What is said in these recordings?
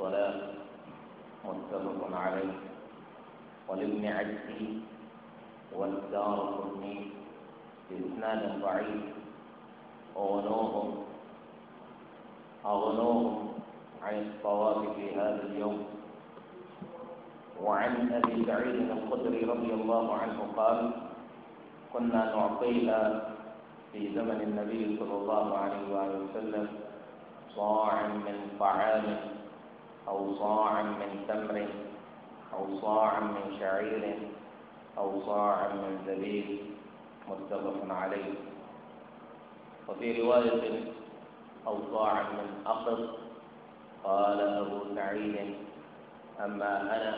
الصلاة متفق عليه ولابن عجزه والدار قطني بإسناد ضعيف أغنوهم أغنوهم عن الصواب في هذا اليوم وعن أبي سعيد الخدري رضي الله عنه قال كنا نعطيها في زمن النبي صلى الله عليه وآله وسلم صاع من طعام أو صاع من تمر أو صاع من شعير أو صاع من زبيب متفق عليه وفي رواية أو صاع من أقط قال أبو سعيد أما أنا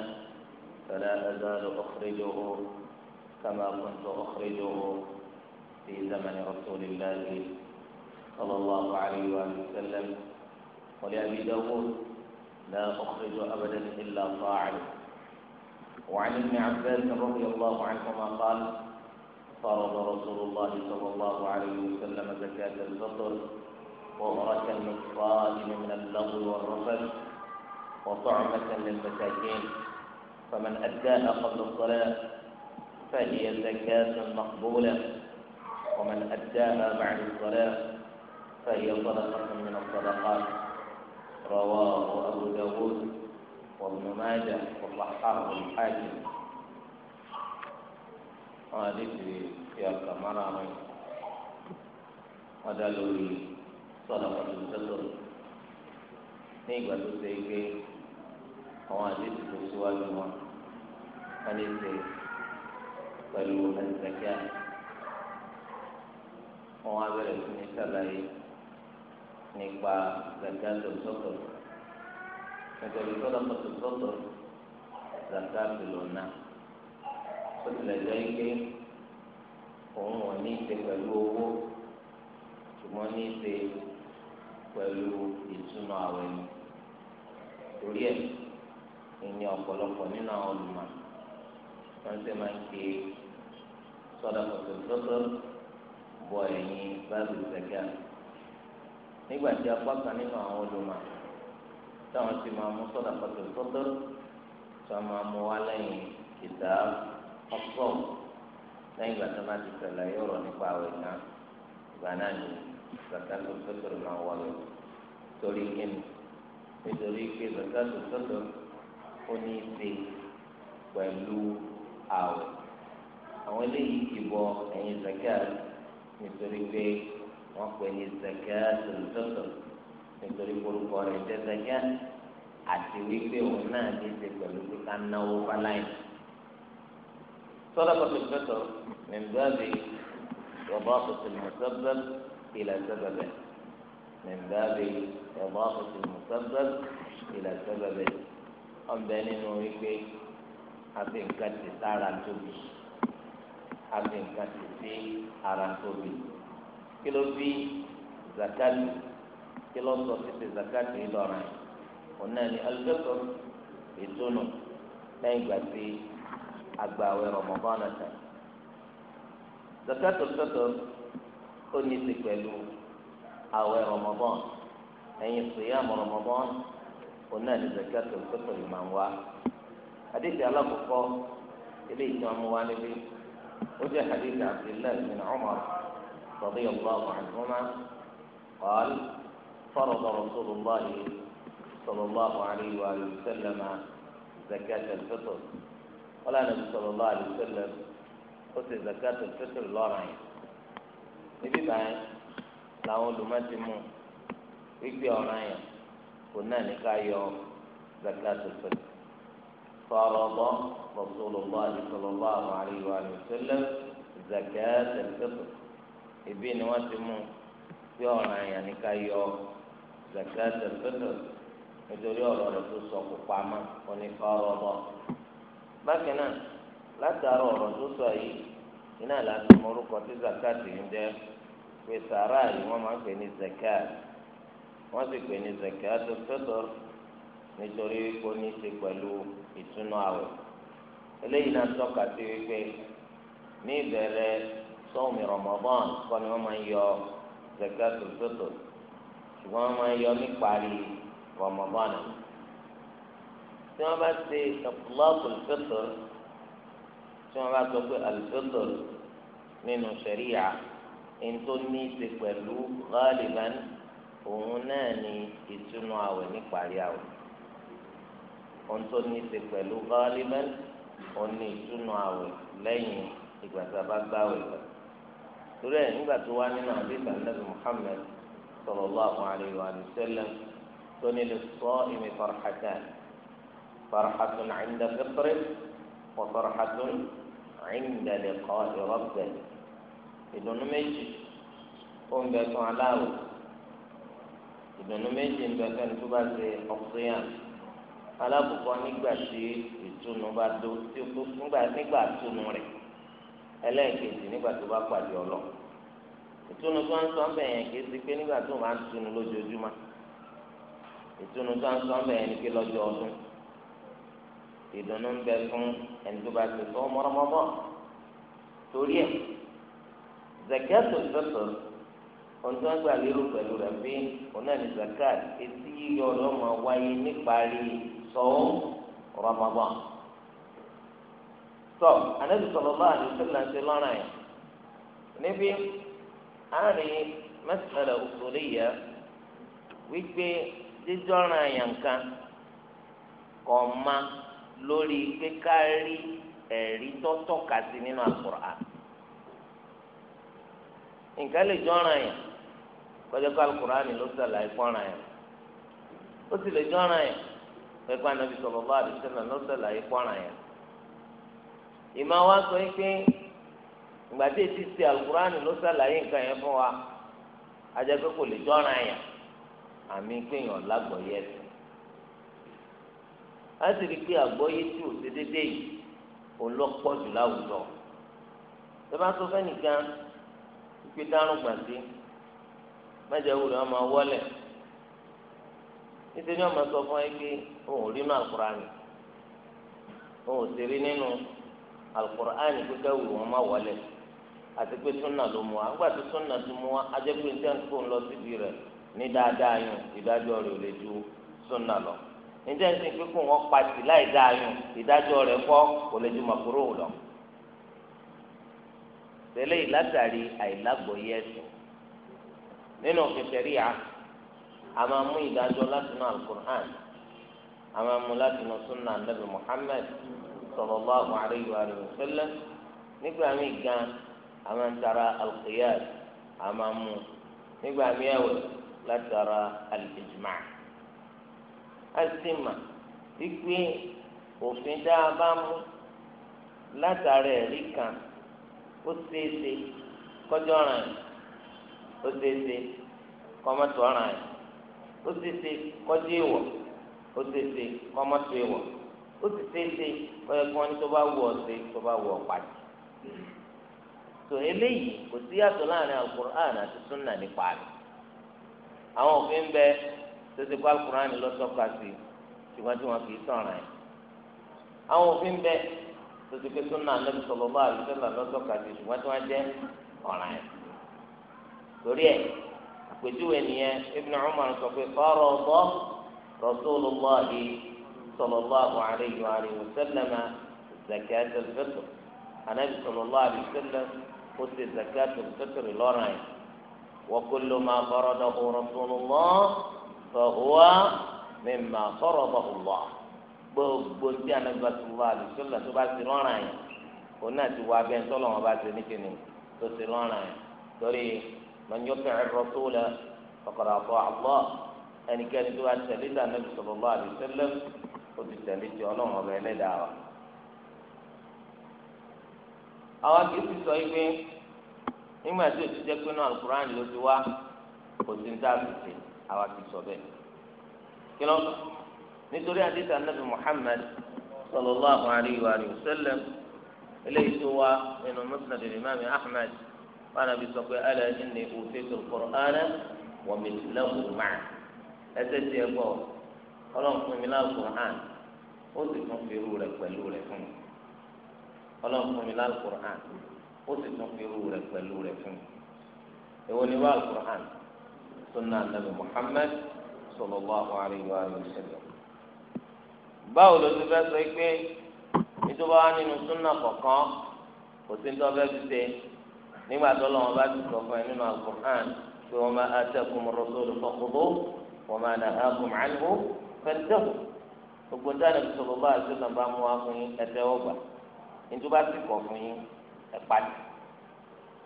فلا أزال أخرجه كما كنت أخرجه في زمن رسول الله صلى الله عليه وآله وسلم ولأبي داود لا أخرج أبدا إلا طاعا وعن ابن عباس رضي الله عنهما قال فرض رسول الله صلى الله عليه وسلم زكاة الفطر وبركة للصائم من اللغو والرفث وطعمة للمساكين فمن أداها قبل الصلاة فهي زكاة مقبولة ومن أداها بعد الصلاة فهي صدقة من الصدقات رواه أبو داود وابن ماجه وصححه الحاكم وهذه يا كمرامي ودلوا لي صدقة الفطر nígbà tó ṣe é pé àwọn àdéhùn tó síwájú wọn wọn nípa zakato sọtọ nítorí sọdọ kọtò sọtọ zakato lọnà ó tilẹ̀ jẹ́ ike òun ò ní ṣe pẹ̀lú owó ṣùgbọ́n ní ṣe pẹ̀lú ìtúnu àwẹ̀ ni torí ẹ̀ ìní ọ̀pọ̀lọpọ̀ nínú àwọn olùmọ̀ wọ́n ti máa ń ṣe sọdọ kọtò sọtọ bọ ẹ̀yìn báàbù zakato nígbà tí apá kan nínú àwọn olùmọ̀ táwọn sì máa mú sọ́dà pàtó sọ́dọ̀ tó máa mú wá lẹ́yìn ìdá ọ̀pọ̀ lẹ́yìn ìgbà tó máa ti tẹ̀lé yọ̀rọ̀ nípa àwẹ̀ náà ìgbà náà ni zakato sọ́dọ̀ máa wọlé torí kíni nítorí pé zakato sọ́dọ̀ ó ní í ṣe pẹ̀lú àwẹ̀ àwọn eléyìí kì bọ ẹ̀yìn zakat nítorí pé. wọn pè ní zaka fitr nítorí orúkọ rẹ̀ jẹ́ zaka àti wípé òun náà ní ṣe pẹ̀lú pé ká náwó fáláyìn. sadaqatul fitr min babi idafati al-musabbab ila sababihi min babi idafati al-musabbab ila sababihi ọ̀bẹ nínú wípé àfi nǹkan ti sára tóbi àfi nǹkan ti sí ara tóbi. kí ló bí zakatu kí ló sọ títí zakatu yìí lọ́ra yìí ọ̀nà ni alùpùpù ìtúnu lẹ́yìn ìgbà tí agbàwẹ̀ Ramadan tán zakatu sọ̀tọ̀ ó ní ti pẹ̀lú àwẹ̀ Ramadan ẹ̀yìn siyam Ramadan ọ̀nà ni zakatu sọ̀tọ̀ yìí máa ń wá hadithi alákọ̀ọ́kọ́ eléyìí tí wọ́n mú wá níbí ó jẹ́ hadithi Abdullahi bin رضي الله عنهما قال فرض رسول الله صلى الله عليه وآله وسلم زكاة الفطر ولا نبي صلى الله عليه وسلم قلت زكاة الفطر لا رأي نبي بعد لا أقول ما تمو يكفي أرأي قلنا نكاية زكاة الفطر فرض رسول الله صلى الله عليه وآله وسلم زكاة الفطر ìbí ni wọ́n ti mú pé ọ̀ràn àyàn ní ká yọ zakat al-fitr nítorí ọ̀rọ̀ rẹ̀ tó sọ kó pamọ́ onífà ọ̀rọ̀ bákan náà látara ọ̀rọ̀ tó sọ yìí iná láti mọ orúkọ tí zakat yìí jẹ́ pé sàrà yìí wọ́n máa ń pè ní zakat wọ́n sì pè ní zakat al-fitr nítorí kó ní í ṣe pẹ̀lú ìtúnu àwẹ̀ eléyìí náà tọ́ka sí wípé ní ìbẹ̀rẹ̀ sọ́ọ̀mì Ramadan kọ́ ni wọ́n máa ń yọ zakatul fitr ṣùgbọ́n wọ́n máa ń yọ níparí Ramadan tí wọ́n bá ṣe ìtọ́kùlọ́ọ̀kùl fitr tí wọ́n bá sọ pé al-fitr nínú sẹ̀ríyà ẹni tó ní í ṣe pẹ̀lú ghaliban òun náà ni ìtúnu àwẹ̀ níparí àwẹ̀ ohun tó ní í ṣe pẹ̀lú ghaliban òun ni ìtúnu àwẹ̀ lẹ́yìn ìgbà tá a bá gbàwẹ̀ lọ torí ẹ̀ nígbà tó wá nínú àdéhùn ànábì Muhammad sallallahu alayhi wa sallam tó ní lè sọ ìmì farahàtà farahàtà inda fitri wa farahàtà inda liqa'i rabbih ìdùnnú méjì ó ń bẹ fún aláwọ ìdùnnú méjì ń bẹ fún ẹni tó bá ṣe ọkùnrin alábùkọ nígbà tí ìtùnú bá dó tí ó nígbà ìtùnú rẹ̀ ẹlẹ́ẹ̀kejì nígbà tó bá pàdé ọlọ ìtúnu tó ń sọ bẹ́ẹ̀ yẹn kìí ṣe pé nígbà tó máa ń túnu lójoojúmọ́ ìtúnu tó ń sọ bẹ́ẹ̀ ni pé lọ́jọ́ ọdún ìdùnnú ń bẹ fún ẹni tó bá ti sọ mọ́rọ́mọ́bọ́ torí ẹ̀ zakatu fẹ́tọ̀ ohun tó ń gbà lérò pẹ̀lú rẹ̀ pé òun ní zakat etí yíyọ ọlọ́mọ wáyé níparí sọ́ọ́ rọ́mọ́bọ́ tọ anabi sallallahu alaihi wasallam ṣe lọ́nà yẹn níbi àárín mas'ala usuliyya wípé jíjọ́ra yàn kan kọ̀ ma lórí kíkárí ẹ̀rí tọ́tọ́ kà sí nínú Al-Qur'an nǹkan lè jọ́ra yàn kọjá kó Al-Qur'an ló sàlàyé fọ́nra yàn ó sì lè jọ́ra yàn pẹ̀lú anabi sallallahu alaihi wasallam ló sàlàyé fọ́nra yàn ìmọ̀ wa sọ yìí pé ìgbà tí èsì ti alukurani ló sàlàyé nǹkan yẹn fún wa ajẹ́ pé kò lè jọ́ra yẹn àmì péyàn lágbọ̀ọ́yé ẹ̀sìn a sì rí i pé àgbọ́yé tí ò ṣe déédéé yìí òun lọ pọ̀ jù láwùjọ tó bá sọ fẹ́nìkan pípé dárùn gbàgbé mẹ́jọ wúlò ọmọ wọlé nítorí ọmọ sọ fún ẹ pé òun ò rí nínú alukurani òun ò sì rí nínú. alukur'an yìí kíkẹ́ wù wọn má wọlé àti pé súnà ló mú wa nígbà tí súnà ti mú wa lọ síbi rẹ̀ ní dáadáa yùn ìdájọ́ rẹ̀ ò lè ju súnà lọ ní sẹ́ńkó ń kíkó wọn pàtì láì dáa yùn ìdájọ́ rẹ̀ kọ́ kò lè ju ìlàtàrí nínú a máa mú ìdájọ́ látinú alukur'an a máa mú sallallahu alayhi wa sallam nígbà míì gan àwọn ń tara alqiyas àmà mú nígbà míì ẹ̀wẹ̀ látara al-ijma' àtìmà wípé òfin tá a bá mú látara ẹ̀rí kan ó ṣeéṣe kọjọ́ ràn yìí ó ṣeéṣe kọ́mọ́tò ràn yìí ó ṣeéṣe kọjọ́ ìwọ̀ ó ṣeéṣe kọ́mọ́tò ìwọ̀. ó sì ṣeéṣe ọyọ kan ní tó bá wù ọ so tó bá wù ọ pàdé tó eléyìí kò sí yàtọ̀ láàrin alukur'an àti sunna nípa rẹ̀ àwọn òfin bẹ tó ti alukur'an lọ sọ́ka sí ṣùgbọ́n tí wọ́n fi sọ̀ràn yìí àwọn òfin bẹ tó pé sunna Ànábì sallallahu alaihi wasallam lọ sọ́ka sí ṣùgbọ́n tí wọ́n jẹ́ ọ̀ràn torí ẹ̀ àpèjúwe nìyẹn Ibn Umar sọ pé kọ́ ọ̀rọ̀ صلى الله عليه وآله وسلم زكاة الفطر النبي صلى الله عليه وسلم قلت زكاة الفطر لورين وكل ما فرضه رسول الله فهو مما فرضه الله gbogbo tí anagba sọlá alùsọlá tó bá ti rọrùn àyàn òun náà ti wá abẹ ńsọlọ wọn bá ti níkẹni tó ti rọrùn àyàn torí mọnyọkẹ ẹrọsọlá ọkọlọpọ àlọ ẹnikẹni tó bá tẹlẹ tí anagba sọlá ó ti tẹ̀lé ti ọlọ́run ọba ẹlẹ́dàá wa. àwọn kì í ti sọ pé nígbà tí òtún jẹ́ pé náà alukur'an ló ti wá kò sí ní sáàbìsì àwọn kì í sọ bẹ́ẹ̀. kí ló nítorí àdìsá nàbì Muhammad sallallahu alayhi wa sallam eléyìí tó wá nínú musnad imam Ahmad wọn àbí sọ pé ala inni utitu al-Qur'ana wa mithlahu ma'a ẹsẹ̀ tiẹ̀ gbọ́ ọlọ́run fún mi lálùkò hàn ó sì tún fi irú rẹ̀ pẹ̀lú rẹ̀ fún mi ọlọ́run fún mi lálùkò hàn ó sì tún fi irú rẹ̀ pẹ̀lú rẹ̀ fún mi èwo ni wàá lùkò hàn sunna nabi muhammed sallallahu alayhi wa sallam báwo ló ti fẹ́ sọ pé ìjọba wa nínú sunna kọ̀ọ̀kan kò sí ní tó fẹ́ nígbà tó lọ́wọ́ bá ti sọ fún ẹ nínú alukóhán pé wọ́n máa tẹ́kùn rọ́sọ́lù fọ́kúrú wọ́n máa nà ákùn màálùú fẹlẹdẹwò gbogbo dáná bisọlọ bá àti ọ̀nà bá mú wa fún yín ẹtẹwọ gbà nítorí bá ti kọ fún yín ẹpàdé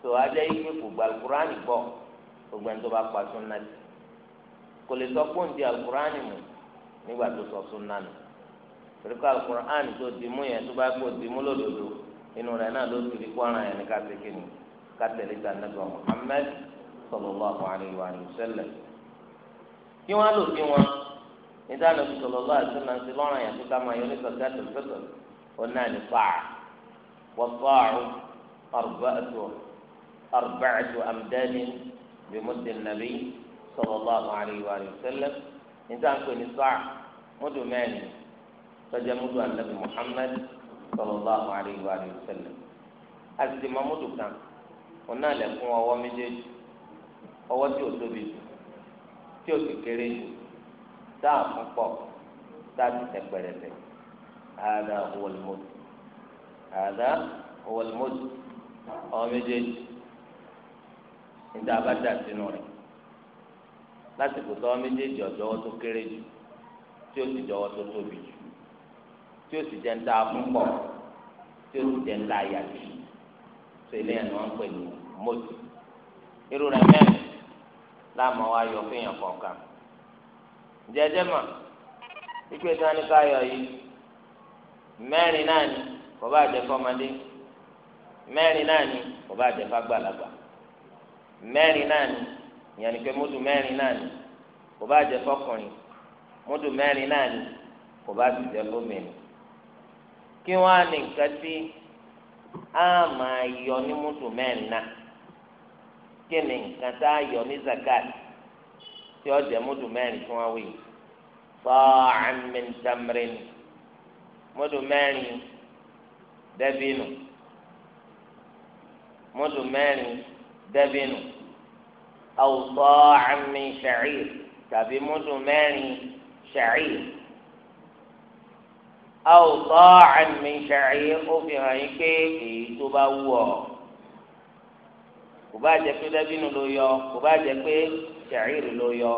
tó ajá yìí pé kò gba alukurani gbọ́ gbogbo ẹni tó bá pa súnà tì kò lè sọ pé òǹdí alukurani mu nígbà tó sọ súnà nù torí pé alukurani tó dìímú yẹn tó bá kó dìímú lódodo inú rẹ̀ náà ló ti di kọ́ran yẹn ní kásìkì ni kátẹ́lí ta nígbà Muhammad sallallahu alaihi wa sallam kí wọ́n á lò sí wọn níta lọ sí sọlọ lọ́wọ́ àti náà sí lọ́rùn yàtí ká máa yọ ní sọ̀tẹ́ tó fẹ́tọ̀ òun náà ní fáà wọ́n fáàrù arba'atu arba'atu amdani bi muddi nabi sallallahu alayhi wa sallam níta ń pè ní fáà mudu mẹ́rin tọ́jà mudu anabi muhammad sallallahu alayhi wa sallam àti mamudu kan òun náà lè ọwọ́ méjèèjì ọwọ́ tí ó tóbi tí ó sì kéré jù táà fún pọ̀ táàbì tẹ̀pẹ̀rẹ̀tẹ̀ àdá wọlmọ́tì àdá wọlmọ́tì ọmọ méjèèjì níta bá dà sínú rẹ̀ lásìkò tó ọmọ méjèèjì ọ̀dọ́wọ́ tó kéré jù tí ó sì jọwọ́ tó tóbi jù tí ó sì jẹ́ ń dáa fún tí ó sì jẹ́ ń dáa yà jù tó ilé ẹ̀ ni wọ́n ń pè ní mọ́tì irú rẹ̀ mẹ́rin láàmú wa yọ fún yàn kọ̀ọ̀kan jẹjẹ mà ikú ètò àníkà ayọ̀ yìí mẹ́rin náà ni kò bá jẹ fọmọdé mẹ́rin nani ni kò bá jẹ fàgbàlagbà mẹ́rin náà ni ìyẹn ni nani múdù mẹ́rin náà ni kò bá jẹ fọkùnrin múdù mẹ́rin náà ni kò jẹ fómìnì kí wọn á ní nǹkan yọ ní múdù mẹ́rin náà kí ni nǹkan yọ ní zakat tí ó jẹ múdù mẹ́rin tí wọ́n wí sa'an min tamrin múdù mẹ́rin dẹ́bínù múdù mẹ́rin dẹ́bínù aw sa'an min sha'ir tàbí múdù mẹ́rin sha'ir aw sa'an ó fi hàn yín pé èyí tó bá wù ọ́ kò bá jẹ́ pé dẹ́bínù ló yọ kò bá jẹ́ pé ṣàìrì ló yọ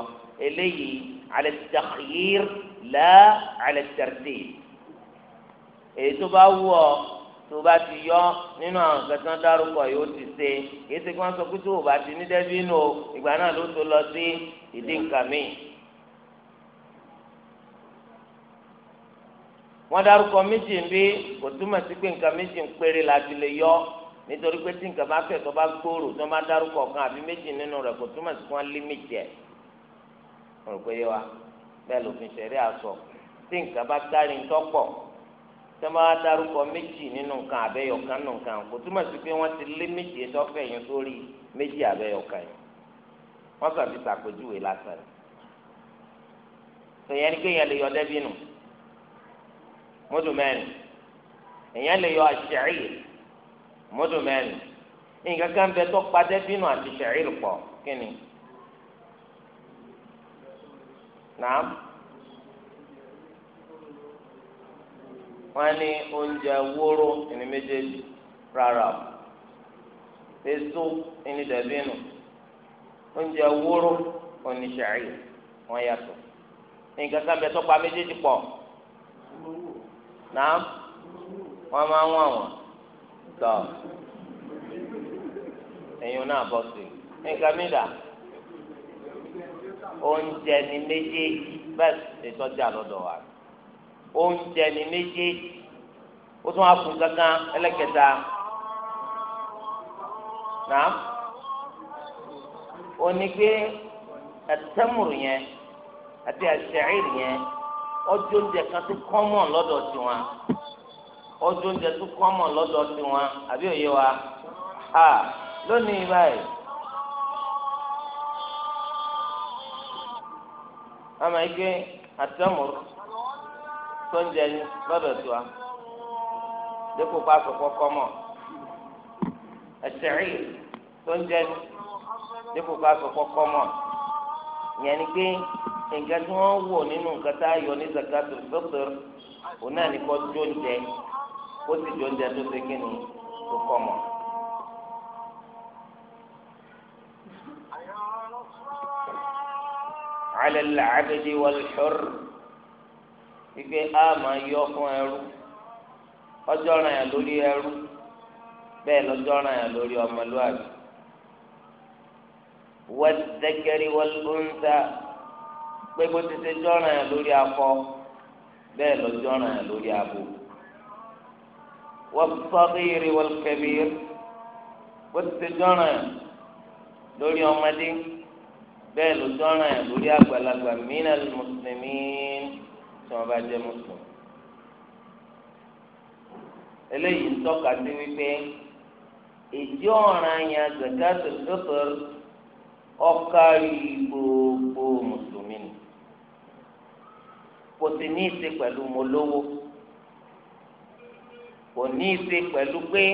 على alẹ́ لا على alẹ́ tẹ̀rẹ̀dì èyí tó bá wù ọ́ tó bá ti yọ nínú àwọn kẹsàn-án dárúkọ yóò ti ṣe kìí ṣe kí wọ́n sọ pé tó o bá ti ní dẹ́bínú o ìgbà náà ló tó lọ sí ìdí nǹkan míì. wọ́n dárúkọ méjì ń bí kò túmọ̀ sí pé nǹkan méjì ń péré la ti lè yọ nítorí pé tí nǹkan bá fẹ̀ tó bá gbòòrò tó bá dárúkọ kan àbí méjì nínú rẹ̀ kò túmọ̀ sí wọn límìtì ẹ̀ mo rò pé yé wa bẹ́ẹ̀ lòfin ṣẹ̀rí àsọ tí nǹkan bá kárí ńtọ́pọ̀ tó bá dárúkọ méjì nínú nǹkan àbẹ́yọkan nínú nǹkan kò túmọ̀ sí pé wọ́n ti límìtì ẹ̀ tọ́fẹ̀ yín sórí méjì àbẹ́yọkan yìí wọ́n kàn fi ṣàpèjúwe lásán èèyàn ní kéèyàn lè yọ dẹ́bí nù mọ́tò mẹ́rin èèyàn lè yọ àṣẹ mọ́tò mẹ́rin nǹkan kan bẹ tó padà bínú àti na pọ̀ kí nàám wọ́n ní oúnjẹ wóró ẹni méjèèjì rárá o ẹni dàbínú oúnjẹ wóró ẹni yàtọ̀ nǹkan kan bẹ tó pa méjèèjì pọ̀ nàám máa tọ ẹyin náà bọ sí nǹkan mi dà oúnjẹ ni méjèèjì wa oúnjẹ ni méjèèjì ó tún wá kankan náà ó ní pé ẹtẹmùrù yẹn àti yẹn oúnjẹ kan ọdún oúnjẹ tó kọ́mọ̀ lọ́dọ̀ tiwọn àbí òye wa ha lónìí báyìí ama ike atamuru tó ń jẹ ní lọ́dọ̀ tiwa dípò pàṣẹ kọ́kọ́mọ̀ ẹ̀sẹ̀rì tó ń jẹ ní dípò pàṣẹ kọ́kọ́mọ̀ yẹn ni pé nǹkan tí wọ́n wò nínú nǹkan tá a yọ ní zakatul fitr òun náà ní kọ́ tó ń jẹ ó sì jọ oúnjẹ tó ṣe kíni tó kọ́ mọ̀. على العبد والحر ife a máa yọ fún ẹrú ọjọ́ ràn yàn lórí ẹrú bẹ́ẹ̀ lọ́jọ́ ràn yàn lórí ọmọlúwàbí wẹ́tẹ́kẹ́rì wọ́lúńtà pé bó ti ṣe jọ́ ràn yàn lórí akọ bẹ́ẹ̀ lọ́jọ́ ràn yàn lórí abo. والصغير والكبير والسجنة لولي أمدي بل السجنة لولي أقبل من المسلمين ثم بعد مسلم eléyìí ń tọ́ka sí wípé ìjọ ọ̀ràn yẹn zakatul fitr ọ̀kárí gbogbo mùsùlùmí ni kò sì ní í ṣe pẹ̀lú mọ́lówó kò ní í ṣe pẹ̀lú pé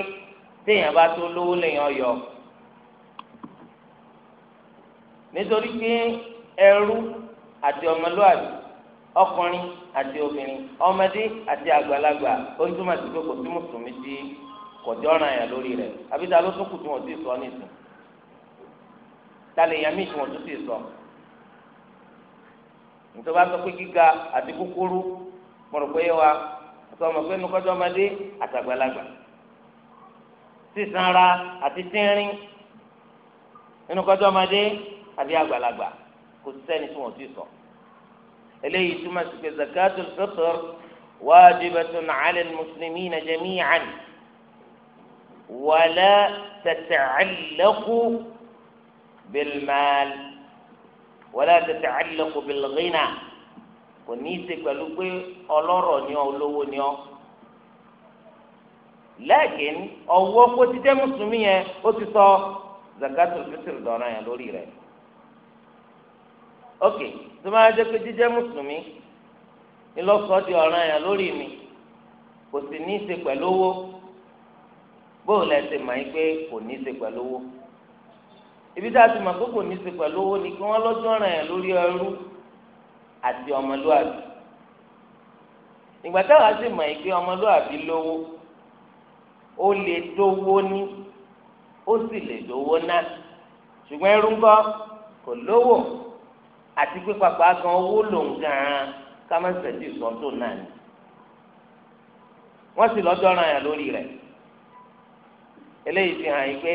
téèyàn bá tó lówó lèèyàn yọ nítorí pé ẹrú àti ọmọlúwàbí ọkùnrin àti obìnrin ọmọdé àti àgbàlagbà ó ń túmọ̀ sí pé kò sí mùsùlùmí tí kò jọ́ràn yàn lórí rẹ̀ àbí ló tún kù tí wọ́n ti sọ nìsín tálẹ̀ yẹn míì tí wọ́n tún ti sọ nítorí wọ́n bá sọ pé gíga àti kúkúrú mo pé wa sọmọ pé nukọjọ kọjọ ọmọdé àtàgbàlagbà sísanra àti tínrín ọmọdé ọmọdé àti àgbàlagbà kò sẹ́ni tí wọ́n ti sọ eléyìí túmọ̀ sí pé zakatul fitr واجبة على المسلمين جميعا ولا تتعلق بالمال ولا تتعلق بالغنى kò ní í ṣe pẹ̀lú pé ọlọ́rọ̀ ni ọ́ olówó ni ọ́ lẹ́ẹ̀kìn ọwọ́ kó ti jẹ́ mùsùlùmí yẹn ó ti sọ zakatul fitr dọ̀ràn yẹn lórí rẹ̀ ok tó máa jẹ́ pé jíjẹ́ mùsùlùmí ńlọ́sọ̀ di ọ̀ràn yẹn lórí mi kò sì ní í ṣe pẹ̀lú owó bóòlù ẹsẹ̀ máa ń pé kò ní í ṣe pẹ̀lú owó ibi tá a ti mọ̀ pé kò ní í ṣe pẹ̀lú owó ni kí wọ́n lọ́jọ́ ọ̀ràn yẹn lórí ẹrú àti ọmọlúwàbí ìgbà táwa sì mọ̀ ẹ́ pé ọmọlúwàbí lówó ó lè dówó ní ó sì lè dówó ná ṣùgbọ́n ẹrú ńkọ́ kò lówó àti pé pàpà gan owó ló ń gan ká má ṣẹ̀dí ìsọ́tò náà ni wọ́n sì lọ́dọ̀ ọ̀ràn yà lórí rẹ̀ eléyìí fi hàn yín pé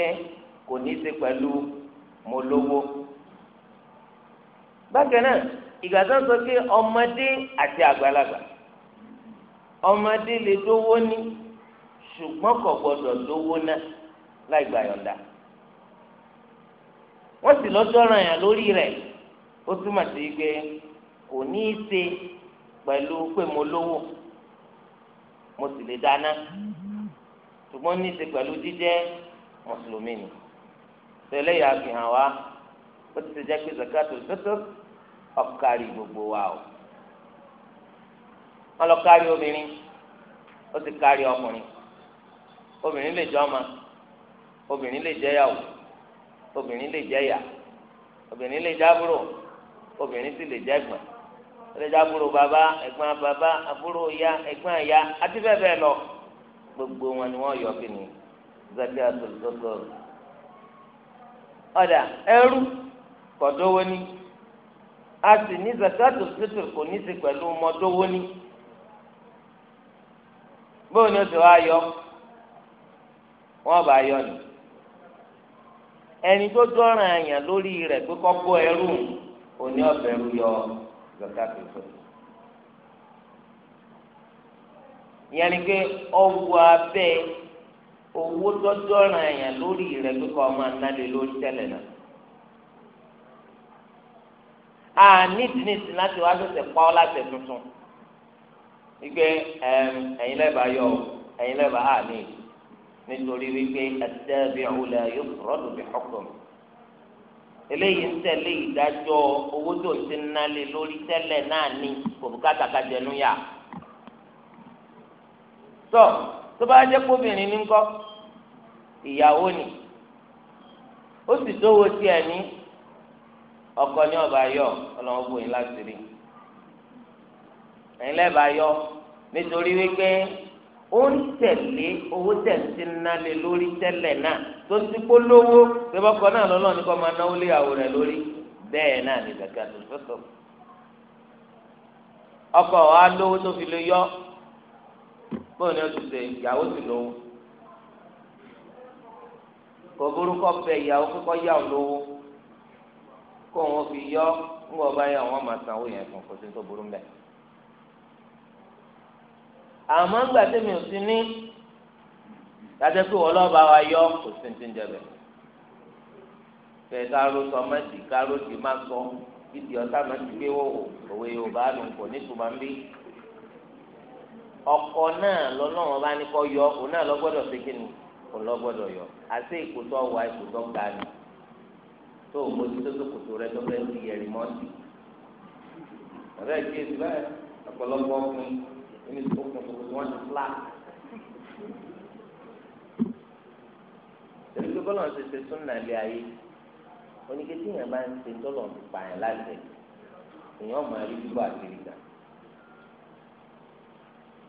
kò ní í ṣe pẹ̀lú mo lówó bákan náà ìgbà tó ń sọ pé ọmọdé àti àgbàlagbà ọmọdé lè dówó ní ṣùgbọ́n kò gbọdọ̀ dówó náà láì gbà yọ̀ǹda wọ́n sì lọ́jọ́ ràn yàn lórí rẹ̀ ó túmọ̀ sí pé kò ní í ṣe pẹ̀lú pé mo lówó mo sì lè dáná ṣùgbọ́n ní í ṣe pẹ̀lú jíjẹ́ mùsùlùmí ni tẹ̀lé yà fi hàn wá ó ti ṣe jẹ́ pé zakatul fitr ọkàrí gbogbo wa o wọn lọ kárí obìnrin ó ti kárí ọkùnrin obìnrin lè jẹ́ ọmọ obìnrin lè jẹ́ yàwó obìnrin lè jẹ́ yà obìnrin lè jẹ́ àbúrò obìnrin sì lè jẹ́ ẹ̀gbọ́n lè jẹ́ àbúrò bàbá ẹ̀gbọ́n bàbá àbúrò ya ẹ̀gbọ́n ya àti bẹ́ẹ̀ bẹ́ẹ̀ lọ gbogbo wọn ni wọ́n yọ kìnnì zaki asọsọsọ ọdà ẹrú kọdọwọ ni a sì ní zakato fitr kò ní sí pẹ̀lú mọ́tòwó ní bóun ni ó ti wá yọ wọ́n bá yọ ni ẹni tó dọ́ràn àyàn lórí rẹ̀ pé kọ́ bọ́ ẹrú òní ọ̀bẹ rú yọ zakato fitr. ìyẹn ni pé ọwọ́ abẹ́ owó tó dọ́ràn àyàn lórí rẹ̀ pé kọ́ ọmọ análẹ̀ lórí tẹ́lẹ̀ náà. a nídìí nídìí láti wá lóṣẹ̀ pa ọ́ láṣẹ tuntun wípé ẹ̀yin lẹ́bàá yọ ẹ̀yin lẹ́bàá hà ní nítorí wípé ẹ̀sẹ̀bi ọ̀lẹ̀ yóò rọ́dù bí ọkùn eléyìí ń tẹ̀lé ìdájọ́ owó tó ti ń nálé lórí tẹ́lẹ̀ náà ní kò bùkátà kájẹnu yà tọ́ tó bá jẹ́ kóbìnrin ní ńkọ́ ìyàwó ni ó sì dówó tiẹ̀ ní ọkọ ní ọba yọ ọlọ́wọ́ bò yín láti rí ẹ̀yin lẹ́ẹ̀bà yọ nítorí wípé ó ń tẹ̀lé owó tẹ̀sí ńlá lé lórí tẹ́lẹ̀ náà tó ti kó lówó pé bọ́kọ náà lọ́nà ní kó máa náwó lé ìyàwó rẹ̀ lórí bẹ́ẹ̀ náà ní gàgà tó sọ̀tọ̀ ọkọ wa lówó tó fi lè yọ bóun ni ó ti ṣe ìyàwó sì lówó kò burúkọ bẹ ìyàwó kíkọ yà ó lówó kó wọn fi yọ ńgbọ bá yà wọn máa sanwó yẹn fún kò sí tó burú mbẹ. àmọ́ ńgbà tẹ́mi ò sí ní dájẹ́ pé wọ́n lọ́ọ́ bá wa yọ kò sí ti ń jẹ bẹ̀. fẹ́ẹ́ káró sọ mẹ́tì káró ti má sọ ìdí ọ̀tá mẹ́tì gbé wò òwe yorùbá nù kò ní tùmọ̀ ń bí. ọkọ náà lọ́lọ́wọ́n bá ní kọ́ yọ òun náà lọ́gbọ́dọ̀ ṣe kí ni òun lọ́gbọ́dọ̀ yọ àti ìkòtò ọ̀wà ìkòtò ọ̀gá tó o mójútó tó kòtò rẹ tó fẹ́ di ẹ̀rí mọ́tì. ọ̀rẹ́ ìdí èsì báyìí ọ̀pọ̀lọpọ̀ ọkùnrin nínú ìfowópamọ́ tó kòtò wọn ti fúlá. tẹ̀lé pé bọ́lá ń ṣe ṣe súnà ilé ayé oníke tí èèyàn bá ń ṣe tọ́lọ̀ ń pààyàn láti èèyàn máa rí bíbọ̀ àti ìgbà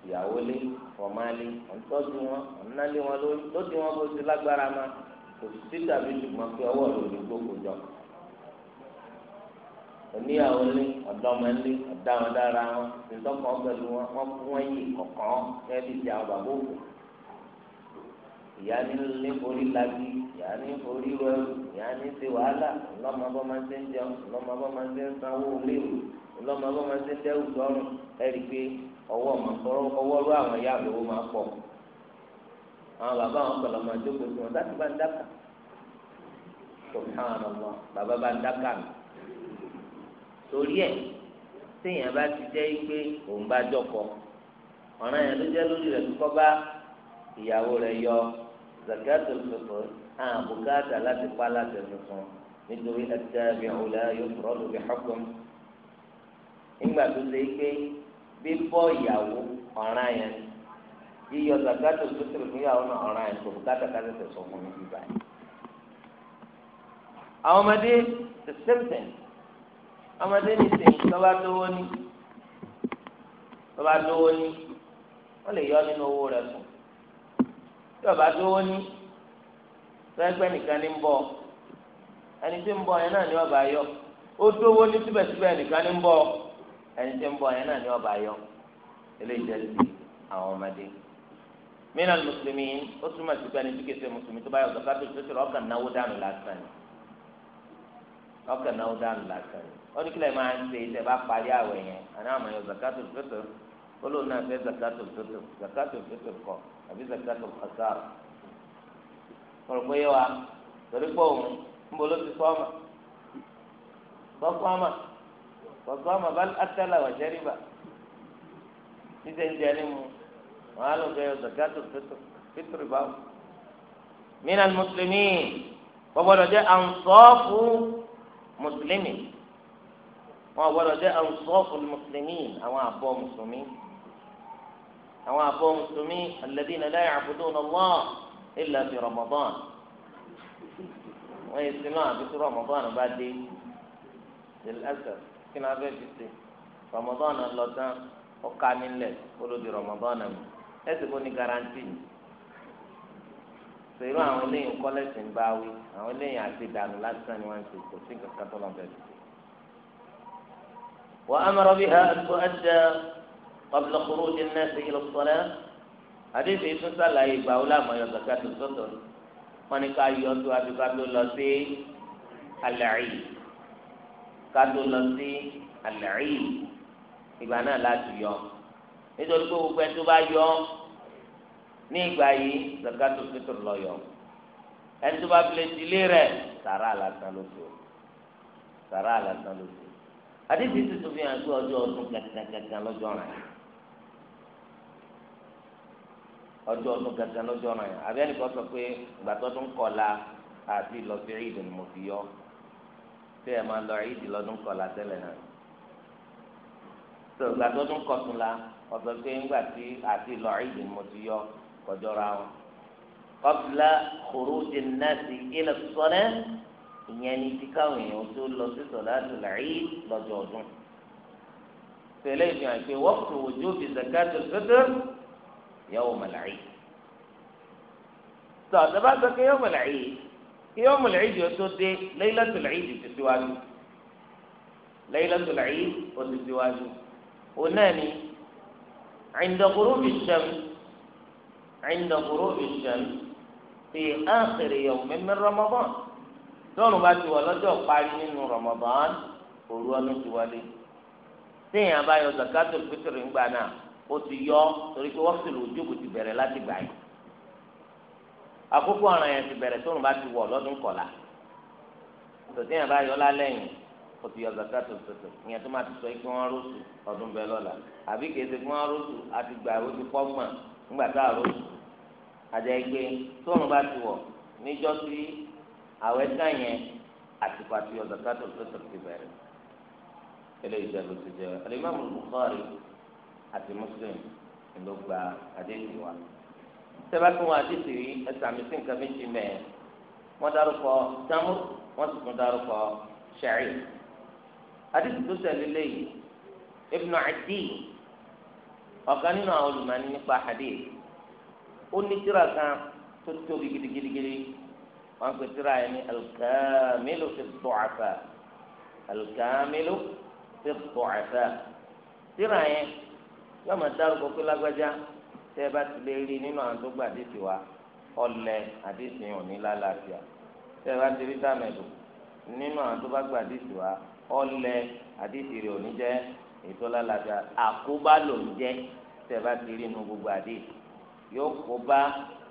ìyàwó lé ọmọ alé ọ̀ńtọ́jú wọn ọ̀ńnálé wọn lórí lóde wọn bó ti lágbára máa òsì tàbí ṣùgbọ́n pé ọwọ́ rẹ̀ ò ní gbogbo jọ. oníyàwó ní ọ̀dọ́mọ ní ọ̀daràn dára wọn ìtọ́kọ̀ pẹ̀lú wọn wọ́n fún wọn yìí kọ̀ọ̀kan kẹ́ẹ́dì ti àwọn bàbá òkú. ìyá ní níforí lagi ìyá ní forí rẹrù ìyá ní ṣe wàhálà ńlọmọ bọ́ máa ń ṣe ń jẹun ńlọmọ bọ́ máa ń ṣe ń sanwó léwu ńlọmọ bọ́ máa ń ṣe ń dẹ́rù sọ́run ẹ̀rí pé ọwọ́ àwọn bàbá àwọn pẹ̀lú ọmọ ìjókòó tí wọn láti bá ń dáka subhana allah bàbá bá ń dáka mi torí ẹ téèyàn bá ti jẹ́ pé òun bá jọkọ ọ̀ràn yẹn ló jẹ́ lórí rẹ̀ kíkọ́ bá ìyàwó rẹ̀ yọ zakatul fitr àbùkátà láti pa láti tuntun nítorí ẹtẹ́ẹ̀mí ọ̀la yóò sọ̀rọ̀ lórí hukum nígbà tó ṣe pé bíbọ́ ìyàwó ọ̀ràn yẹn yíyọ zakato sotiri níyàwó náà ọ̀ràn ẹ̀ tó bùkátà kájọ tẹ̀sán fún mi bíbá yìí. àwọn ọmọdé the same thing ọmọdé ní sèyí tọ́ba lówó ní tọ́ba lówó ní wọ́n lè yọ nínú owó rẹ̀ sùn tí ọba lówó ní sọ́ẹ́gbẹ́ nìkan ní ń bọ̀ ẹni tí ń bọ̀ yẹn náà ní ọba yọ ó dówó ní síbẹ̀síbẹ̀ nìkan ní ń bọ̀ ẹni tí ń bọ̀ yẹn náà ní ọba yọ eléyìí jẹ́ sí àwọn ọmọdé mina mùsùlùmí ó túmọ̀ sí pé ẹni tí kèsè mùsùlùmí tó bá yọ zaka tó tó tẹ̀lé ọkàn náwó dànù lásán ni ọkàn náwó dànù lásán ni ó ní kílẹ̀ máa ń ṣe ìṣẹ̀ bá parí àwẹ̀ yẹn àná àmọ́ yọ zaka tó tó tó ó lóun náà fẹ́ zaka tó tó tó zaka tó tó tó kọ wa torí pé òun ti sọ ọmọ sọ́kọ́ ọmọ sọ́kọ́ ọmọ bá atẹ́lẹ̀ wà jẹ́rìbà títẹ̀ mu wọn á lọ fẹ́ zakato fitiri báwo mina mùsùlùmí wọn gbọ́dọ̀ jẹ ansọọfù mùsùlùmí wọn gbọ́dọ̀ jẹ ansọọfù mùsùlùmí àwọn àbọ mùsùlùmí àwọn àbọ mùsùlùmí alladhina la ya'buduna Allah illa fi Ramadan wọn yìí sinú àbí tí Ramadan bá dé lẹ́sẹ̀ kí ni a fẹ́ fi ṣe Ramadan lọ tán ó ká nílẹ̀ ó ló di Ramadan mi ẹsẹ̀ kó ní garanti sèrú àwọn eléyìí kọ́lẹ́sì ń bá wí àwọn eléyìí àti ìdànù lásán ni wọ́n ń ṣe kò sí kankan tó lọ́n bẹ̀rẹ̀ sí. wà á mọ̀rọ̀ bí àtúntò ẹ̀dá ọ̀bùlà kúrú ní nẹ́ẹ̀sì yìí lọ́sọ̀rẹ́ àdéhùn ìtún sàlàyé ìgbà wọlé àmọ̀yọ̀ zaka tó sọ̀tọ̀ wọn ni ká yọ tó àbí ká tó lọ sí alẹ́rì ká tó lọ sí alẹ́rì ìgbà náà láti yọ nítorí pé gbogbo ẹni tó bá yọ ní ìgbà yìí zakatul fitr lọ yọ ẹni tó bá filẹ̀ sílé rẹ̀ sàrà àlàsàn ló fi sàrà àlàsàn ló fi àdìsí tuntun fi hàn pé ọjọ́ ọdún kankan lọ́jọ́ rẹ̀ ọjọ́ ọdún gangan lọ́jọ́ ọ̀nà yẹn àbí sọ pé ìgbà tó tún kọ̀la àti lọ sí ìdì ni mo fi yọ tí ẹ máa lọ ìdì lọ́dún kọ̀la tẹ́lẹ̀ náà tó ìgbà tó tún kọ̀tún la ọ̀sọ̀ pé ńgbà tí àti lọ ìdè mo ti yọ kọjọ́ra wọn. kọ́bílà khuruj an-nasi ila as-salah ìyẹn ni ti káwọn èèyàn tó lọ sí sọ̀láàtù làáyé lọ́jọ́ ọdún. tẹ̀lé ìfihàn pé waqtu wujubi zakat al-fitr yawm al-eid. tọ́ sọ pé yawm al kí yawm al yóò tó dé laylatul eid ti síwájú laylatul eid ó ti síwájú. òun náà ni عند غروب الشمس عند غروب الشمس في آخر يوم من رمضان lọ́run bá ti wà lọ́jọ́ parí nínú Ramadan òru ọdún ti wọlé téèyàn bá yọ zakato fitiri ńgbà náà ó ti yọ torí pé wọ́n sì lò ojókòó ti bẹ̀rẹ̀ láti gbà yìí àkókò ọ̀ràn yẹn ti bẹ̀rẹ̀ tóun bá ti wọ̀ lọ́dún kọ̀la tòtéèyàn bá yọ lálẹ́ yìí ó ti yọ zakato tètè ìyẹn tó máa ti sọ pé wọn rọṣù ọdún bẹ́ẹ̀ lọ́la àbí kìí ṣe pé wọn rọṣù àti gbà ó ti pọgbọn ńgbà tá a rọṣù àjẹ ìgbé tóun bá ti wọ níjọ́ sí àwẹ tán yẹn àtìkọ àti yọ zakato tètè ti bẹ̀rẹ̀ eléyìí jẹ ló ti jẹ alimami Bukhari àti Muslim ló gba àdéhùn wa sẹbàtún wa àdéhùn yìí ẹsẹ àmì sí nǹkan méjì mẹ wọn dárúkọ tamur wọn sì tún dárúkọ àdìsí tó tẹ̀lé léyìí Ibn Adi ọ̀kan nínú àwọn olùmọ̀ọ́ni nípa hadith ó ní tírà kan tó tóbi gidigidigidi wọn pè tírà yẹn ní al-Kamilu fi ad-Du'afa al-Kamilu fi ad-Du'afa tírà yẹn yóò máa dárúkọ pé lágbájá tẹ́ ẹ bá ti lè rí nínú àwọn tó gba àdìsí wa ọlẹ àdìsí yẹn ò ní lálàáfíà tẹ́ bá ti rí dàmẹ́lò nínú àwọn tó bá gba àdìsí wa. ọlẹ àdìsí rẹ òní jẹ ètò àkóbá ló ń jẹ tẹ̀bá ti rí inú gbogbo àdìsí yóò kóbá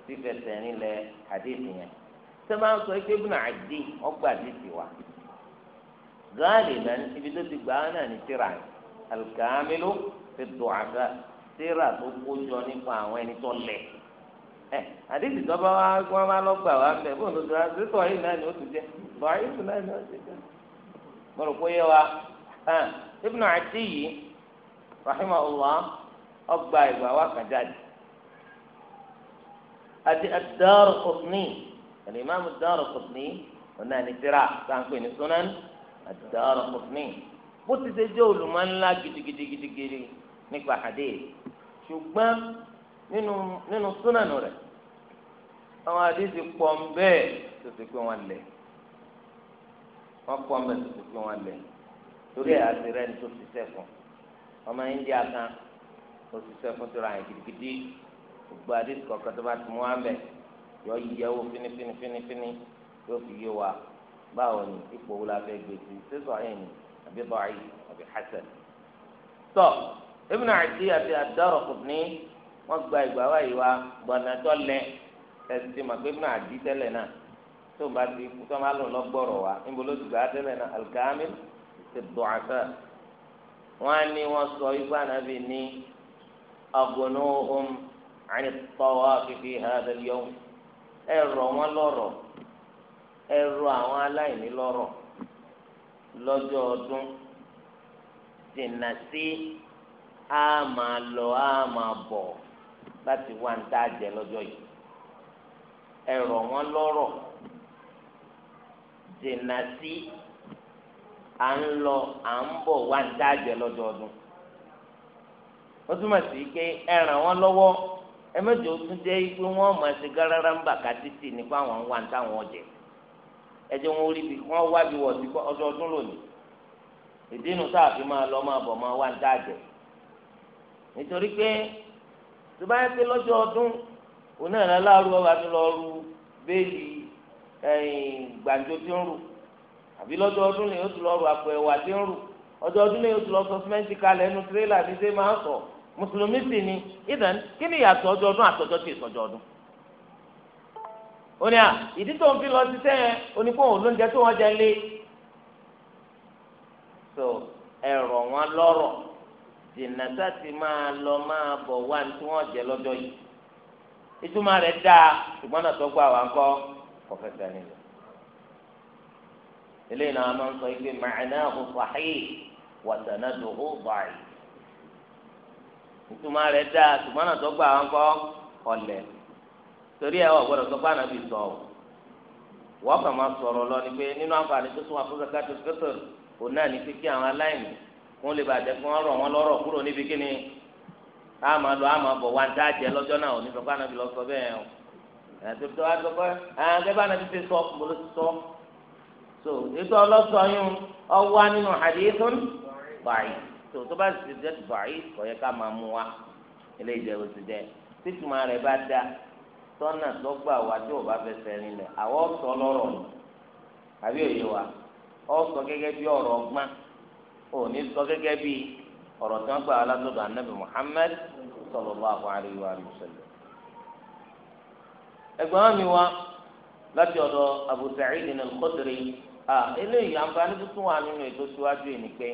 fífẹsẹ̀rin lẹ àdìsí yẹn sẹ́mi àwọn sọ pé ibùnà àdì ọgbà àdìsí wa gáàlì náà ibi tó ti gbà á náà ní tíra alùkàmílù fi dùn àgá tíra tó kójọ nípa àwọn ẹni tó ẹ àdìsí tó bá wá wọn bá mo rò pé yé wa Ibn Atiyyi rahimahullah ọgbà ìgbà wa kàn jáde àti ad-Daraqutni al-Imam ad-Daraqutni ọ̀nà ànitira sáńpẹ̀ ní sunan ad-Daraqutni bó ti ṣe jẹ́ olùmọ̀ ńlá gidigidigidi nípa hadith ṣùgbọ́n nínú nínú súnánù rẹ̀ àwọn àdìsí pọ̀ ń bẹ́ẹ̀ tó ti pé wọn lẹ̀ wọn kọ ọmọ ìsìnkú kí wọn lẹ torí ẹ àti rẹ ní tó ṣiṣẹ́ fún ọmọ India kan ó ṣiṣẹ́ fún tó ra yẹn gidigidi gbogbo àdéhùn kọkàn tó bá ti mú wa mẹ yọ yíyẹwò fínífínífínífíní yóò fi yé wa báwo ni ipò wo la fẹ́ gbé sí sísọ yẹn ni àbí bọ́ọ̀yì àbí hasan. tọ́ Ibn Adi àti Ad-Daraqutni wọ́n gba ìgbà wáyé wa gbọ̀nà tó lẹ ẹ̀sìn tí màgbé Ibn Adi tẹ́lẹ̀ náà tó ń bá ti kú tó ń bá lò lọ́gbọ̀rọ̀ wa níbo ló ti gbà á tẹ́lẹ̀ náà alukami ti dùn àṣà wọn á ní wọn sọ ikú ànábì ní agolo ohun àní fífi hàdà yọ̀hún ẹ rọ̀ wọn lọ́rọ̀ ẹ rọ̀ àwọn aláìní lọ́rọ̀ lọ́jọ́ ọdún dènà sí a máa lọ a máa bọ̀ láti wá ń tá a jẹ lọ́jọ́ yìí ẹ rọ̀ wọn lọ́rọ̀. jìnnà sí à ń lọ à ń bọ̀ wá ń dájẹ́ lọ́dọọdún ó túmọ̀ sí pé ẹ ràn wọ́n lọ́wọ́ ẹ mẹ́jọ tún jẹ́ pé wọ́n mọ̀ ẹsẹ̀ gárára ń bà ká títì nípa àwọn ń wá ń táwọn ọ̀jẹ̀ ẹ jẹ́ wọn rí bí wọ́n wá bí ọdọọdún lónìí ìdínú máa lọ máa bọ̀ máa wá ń dájẹ́ nítorí pé tó bá yẹ pé lọ́jọ́ ọdún òun náà gbàǹjo tí ń rù àbí lọ́jọ́ ọdún lè yóò tún lọ́ọ́ rù àpò ẹ̀wà tí ń rù ọjọ́ ọdún lè yóò tún lọ́ọ́ sọ símẹ́ǹtì kalẹ̀ ẹnu tirẹ́là ní sẹ́ máa ń sọ mùsùlùmí sì ni ìdán kí ni ìyàtọ̀ ọjọ́ ọdún àtọjọ́ tí ìsọjọ́ ọdún. ó ní à ìdí tó ń fi lọ síṣẹ́ yẹn oníkóhùn lóúnjẹ tó wọ́n jẹ lé. so ẹ̀rọ wọn lọ́rọ̀ dènà sáti máa lọ máa bọ̀ wá ní tí wọ́n jẹ lọ́jọ́ yìí ìtumọ̀ rẹ̀ dáa ṣùgbọ́n náà tó gbà wá ńkọ́ kọfẹsẹ nílẹ̀ eléyìí náà máa ń sọ pé ma'nahu sahih wa sanaduhu da'if ìtumọ̀ rẹ̀ dáa ṣùgbọ́n náà tó gbà wọn kọ́ ọ̀lẹ̀ torí ẹ̀ wọ́n gbọ́dọ̀ tó gbà náà fi sọ ọ́ wọ́n kàn máa sọ̀rọ̀ lọ ni pé nínú àǹfààní tó tún wà fún zakatul fitr náà ní pé àwọn aláìní wọn lè bàjẹ́ kí wọ́n rọ̀ wọ́n kúrò níbi kíni àmọ́ lọ àmọ́ bọ̀ wá ń dájẹ́ lọ́jọ́ náà òní sọ ẹ̀tọ́ tó wá sọ́kọ́ ẹ̀ẹ́dẹ́ bá nàbí ti sọ mo ti sọ. so ètò ọlọ́sọ̀yún ọwọ́ nínú hadithun báyìí tó tó bá ti jẹ́ báyìí kò yẹ ká máa mú wa ilé ìjẹun ti jẹ títúmọ̀ rẹ̀ bá dá tọ́nà tó gbà wá tí ò bá fẹsẹ̀ rinlẹ̀ àwọ̀ sọ lọ́rọ̀ ni àbí òye wa ọ sọ gẹ́gẹ́ bí ọ̀rọ̀ ọgbọ́n ò sọ gẹ́gẹ́ bí ọ̀rọ̀ tí wọ́n gbà wá látọ̀dọ̀ Ànábì Muhammad sallallahu alaihi wa sallam ẹgbẹ́ mi wá láti ọ̀dọ̀ Abu Sa'id al-Khudri eléyìí àǹfààní tuntun wà nínú ètò síwájú yìí ni pé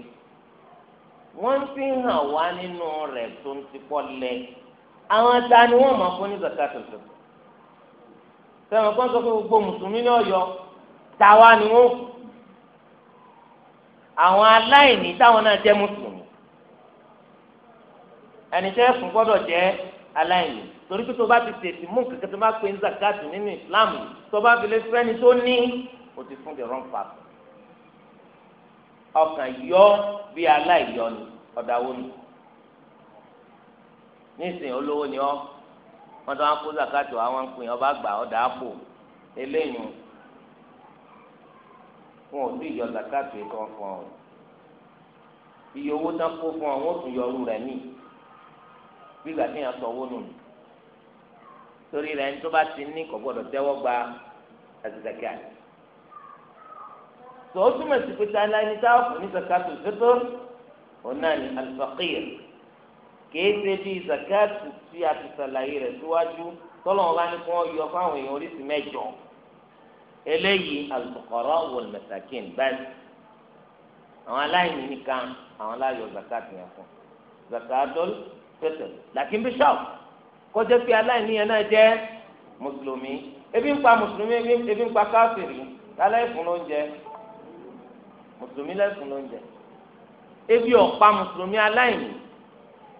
wọ́n ti hàn wá nínú rẹ̀ tó ń ti pọ̀ lẹ̀ àwọn ta ni wọ́n máa fún ní zakat tuntun sẹ́wọ̀n kan sọ pé gbogbo mùsùlùmí ní ọ̀yọ́ tàwa ni wọ́n àwọn aláìní táwọn náà jẹ́ mùsùlùmí ẹni tẹ́ fún gbọ́dọ̀ jẹ́ aláìní torí pé tó bá ti tètè mú kẹkẹ tó bá pè zakat nínú islam tó bá fi lè fẹ́ni tó ní o ti fún the wrong person ọkàn yọ bí aláìyọ ni ọ̀dàwó ni nísìnyí olówó ni ọ wọn tó wọn kó zakat wa wọn pè ọba gbà ọdà àpò eléyìí wọn ò sí ìyọ zakat yìí kan fún ọ iye owó tán kó fún ọ wọn ò tún yọ ọrú rẹ níyì gbígbà kéèyàn sọ owó nù torí rẹ̀ ní tó bá ti ní kò gbọ́dọ̀ tẹ́wọ́ gba àtìsàkíà tó o túmọ̀ sí pé táyà ní táwọn kò ní zakatul fitr òun náà ní alfaqir kìí ṣe bí zakatul tí a ti ṣàlàyé rẹ̀ síwájú tọ́lọ́wọ́n bá ní kí wọ́n yọ fáwọn èèyàn oríṣi mẹ́jọ eléyìí alfuqara wal masakin báyìí àwọn aláìní nìkan àwọn aláyọ̀ zakatul yẹn fún zakatul fẹsẹ̀ làkín bí ṣọ́ọ̀ kó jẹ́ pé aláìní yẹn náà jẹ́ mùsùlùmí ebi ń pa mùsùlùmí ebi ń pa káfíìrì lálẹ́ fún lóúnjẹ mùsùlùmí lẹ́fún lóúnjẹ ebi ò pa mùsùlùmí aláìní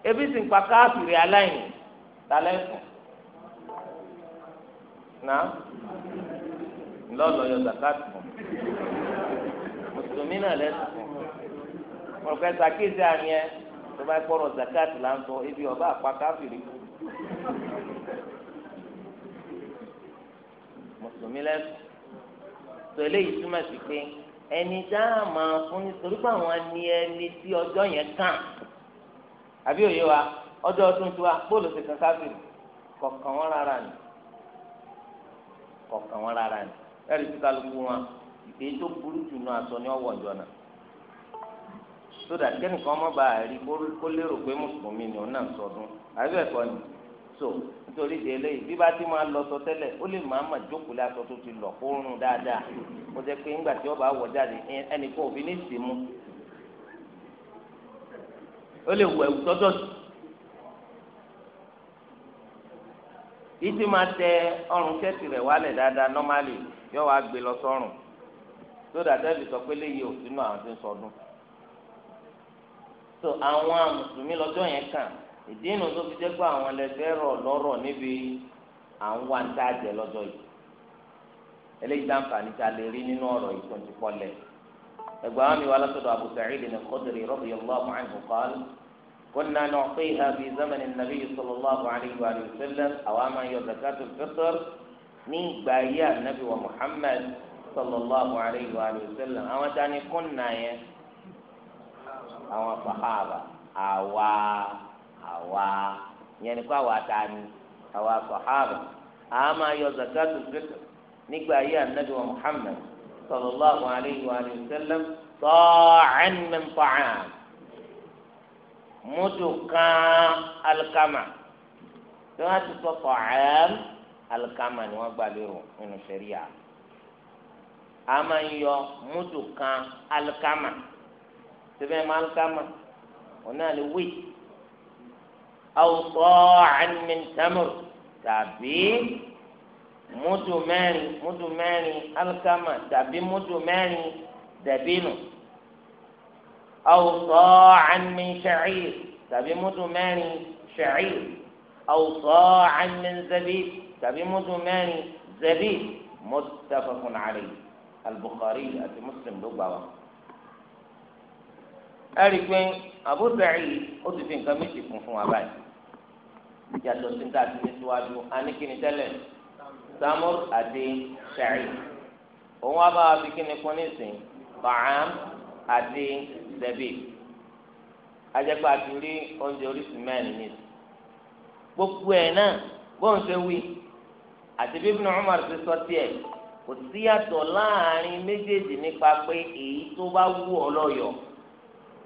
ebi sì ń pa káfíìrì aláìní lálẹ́ fún náà lọ́lọ́ yọ zakat fún mùsùlùmí náà lẹ́sùn fún pọ̀fẹ́sà kí ṣe àmì ẹ̀ tó bá kpọ́rọ̀ zakat là ń sọ ebi ọba àpá káfìrí mùsùlùmí lẹ́sùn tó eléyìí túmọ̀ sí pé ẹni tá a máa fún nítorí pé àwọn ni ẹni tí ọjọ́ yẹn kàn àbí òye wa ọjọ́ ọdún tiwa bóòlù ti kan káfìrí kọ̀ọ̀kan wọn rárá ni kọ̀ọ̀kan wọn rárá ni ẹ̀rí tí kálukú wọn ìpè tó burú jù náà aṣọ ni ọwọ́ ìjọ náà. sódà kẹ́nìkan ọmọ bá rí kó lérò pé mùsùlùmí ni òun náà ń sọdún ni so nítorí délé bí bá ti máa lọ sọ tẹ́lẹ̀ ó ti lọ kó rún dáadáa kó jẹ́ pé tí ó wọ̀ jáde ẹnì kan òfin ní ìsìnmú ó lè wọ ẹ̀wù tẹ ọrùn rẹ̀ wálẹ̀ dáadáa nọ́málì yọ wá gbé lọ sọ́rùn sọ pé léyìí ò so àwọn mùsùlùmí lọ́jọ́ yẹn kàn ìdí inú tó fi jẹ́ pé àwọn ẹlẹgbẹ́ rọ̀ lọ́rọ̀ níbi àwọn wa ń dájẹ́ lọ́jọ́ yìí eléyìí dáǹfààní ta lè rí nínú ọ̀rọ̀ yìí tó ń ti kọ́lẹ̀ ẹgbẹ́ àwọn mi wà látọ̀dọ̀ Abu Sa'id al-Khudri radiyallahu anhu qala kunna nu'tiha fi zamani an-nabiy sallallahu alayhi wa sallam àwa máa yọ zakat al ní ìgbà ayé ànábì wa Muhammad sallallahu alayhi wa sallam àwọn dání kúnnà yẹn àwọn sàhábà àwa àwa yẹn ni kó àwa ta ni àwa sàhábà àá máa yọ zakatul fitr nígbà ayé anabi wa muhammed sallallahu alayhi wa sallam sa'an min ta'am mudu kan alikama tí wọn ti sọ ta'am alikama ni wọn gbà lérò nínú sẹríya àá máa yọ mudu kan alikama. sibẹ máa ń ká ma ọ̀nà lè wí awùsọ ànìmẹ̀ntàmùr tàbí múdù mẹ́rin múdù mẹ́rin alikama tàbí múdù mẹ́rin dàbínù awùsọ ànìmẹ̀ntàmùr tàbí múdù mẹ́rin ṣẹ̀ẹ́yì awùsọ ànìmẹ̀ntàmùr tàbí múdù mẹ́rin zẹ̀bí mọ́tàfàkùn àlè albukhari àti muslim ló gbà wọn. ẹ̀rí pé Abu Sa'id ó ti fi nǹkan méjì kún fún wa báyìí yàtọ̀ sí ká ti síwájú aníkíni tẹ́lẹ̀ samur àti Sa'id òun wá bá wa fi kíni kún nísìn bàám àti sẹ́bì ajẹ́pẹ́ àti rí oúnjẹ oríṣìí mẹ́rin nísìn gbogbo ẹ̀ náà bóun ṣe wí àti bí Ibn Umar ṣe sọ tiẹ̀ kò síyàtọ̀ láàrin méjèèjì nípa pé èyí tó bá wù ọ́ lọ́yọ̀ọ́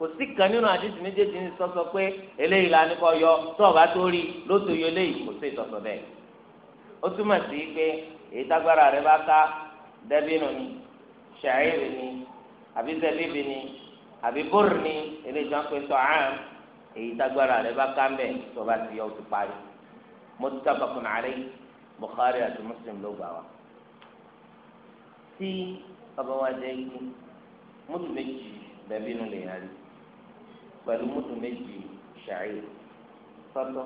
kò sí kan nínú àdìsí méjèèjì ní sọsọ pé eléyìí la ní kọ yọ tó ọba tó rí lóto yọ eléyìí kò sí ìtọ̀sọ̀ bẹ́ẹ̀ ó túmọ̀ sí pé èyí tágbára rẹ bá ká dẹ́bínú ni ṣàìrì ni àbí zẹ́bíbi ni àbí bóòrù ni eléyìí tó ń pè sọ àrùn èyí tágbára rẹ bá ká mbẹ tó ọba ti yọ ó ti parí muttafaqun alayhi Bukhari àti Muslim ló gbà wá tí ọba wa jẹ́ ikú mọ́tò méjì dẹ́bínú lè yàrá pẹ̀lú mútu méjì ṣàì sọ́tọ̀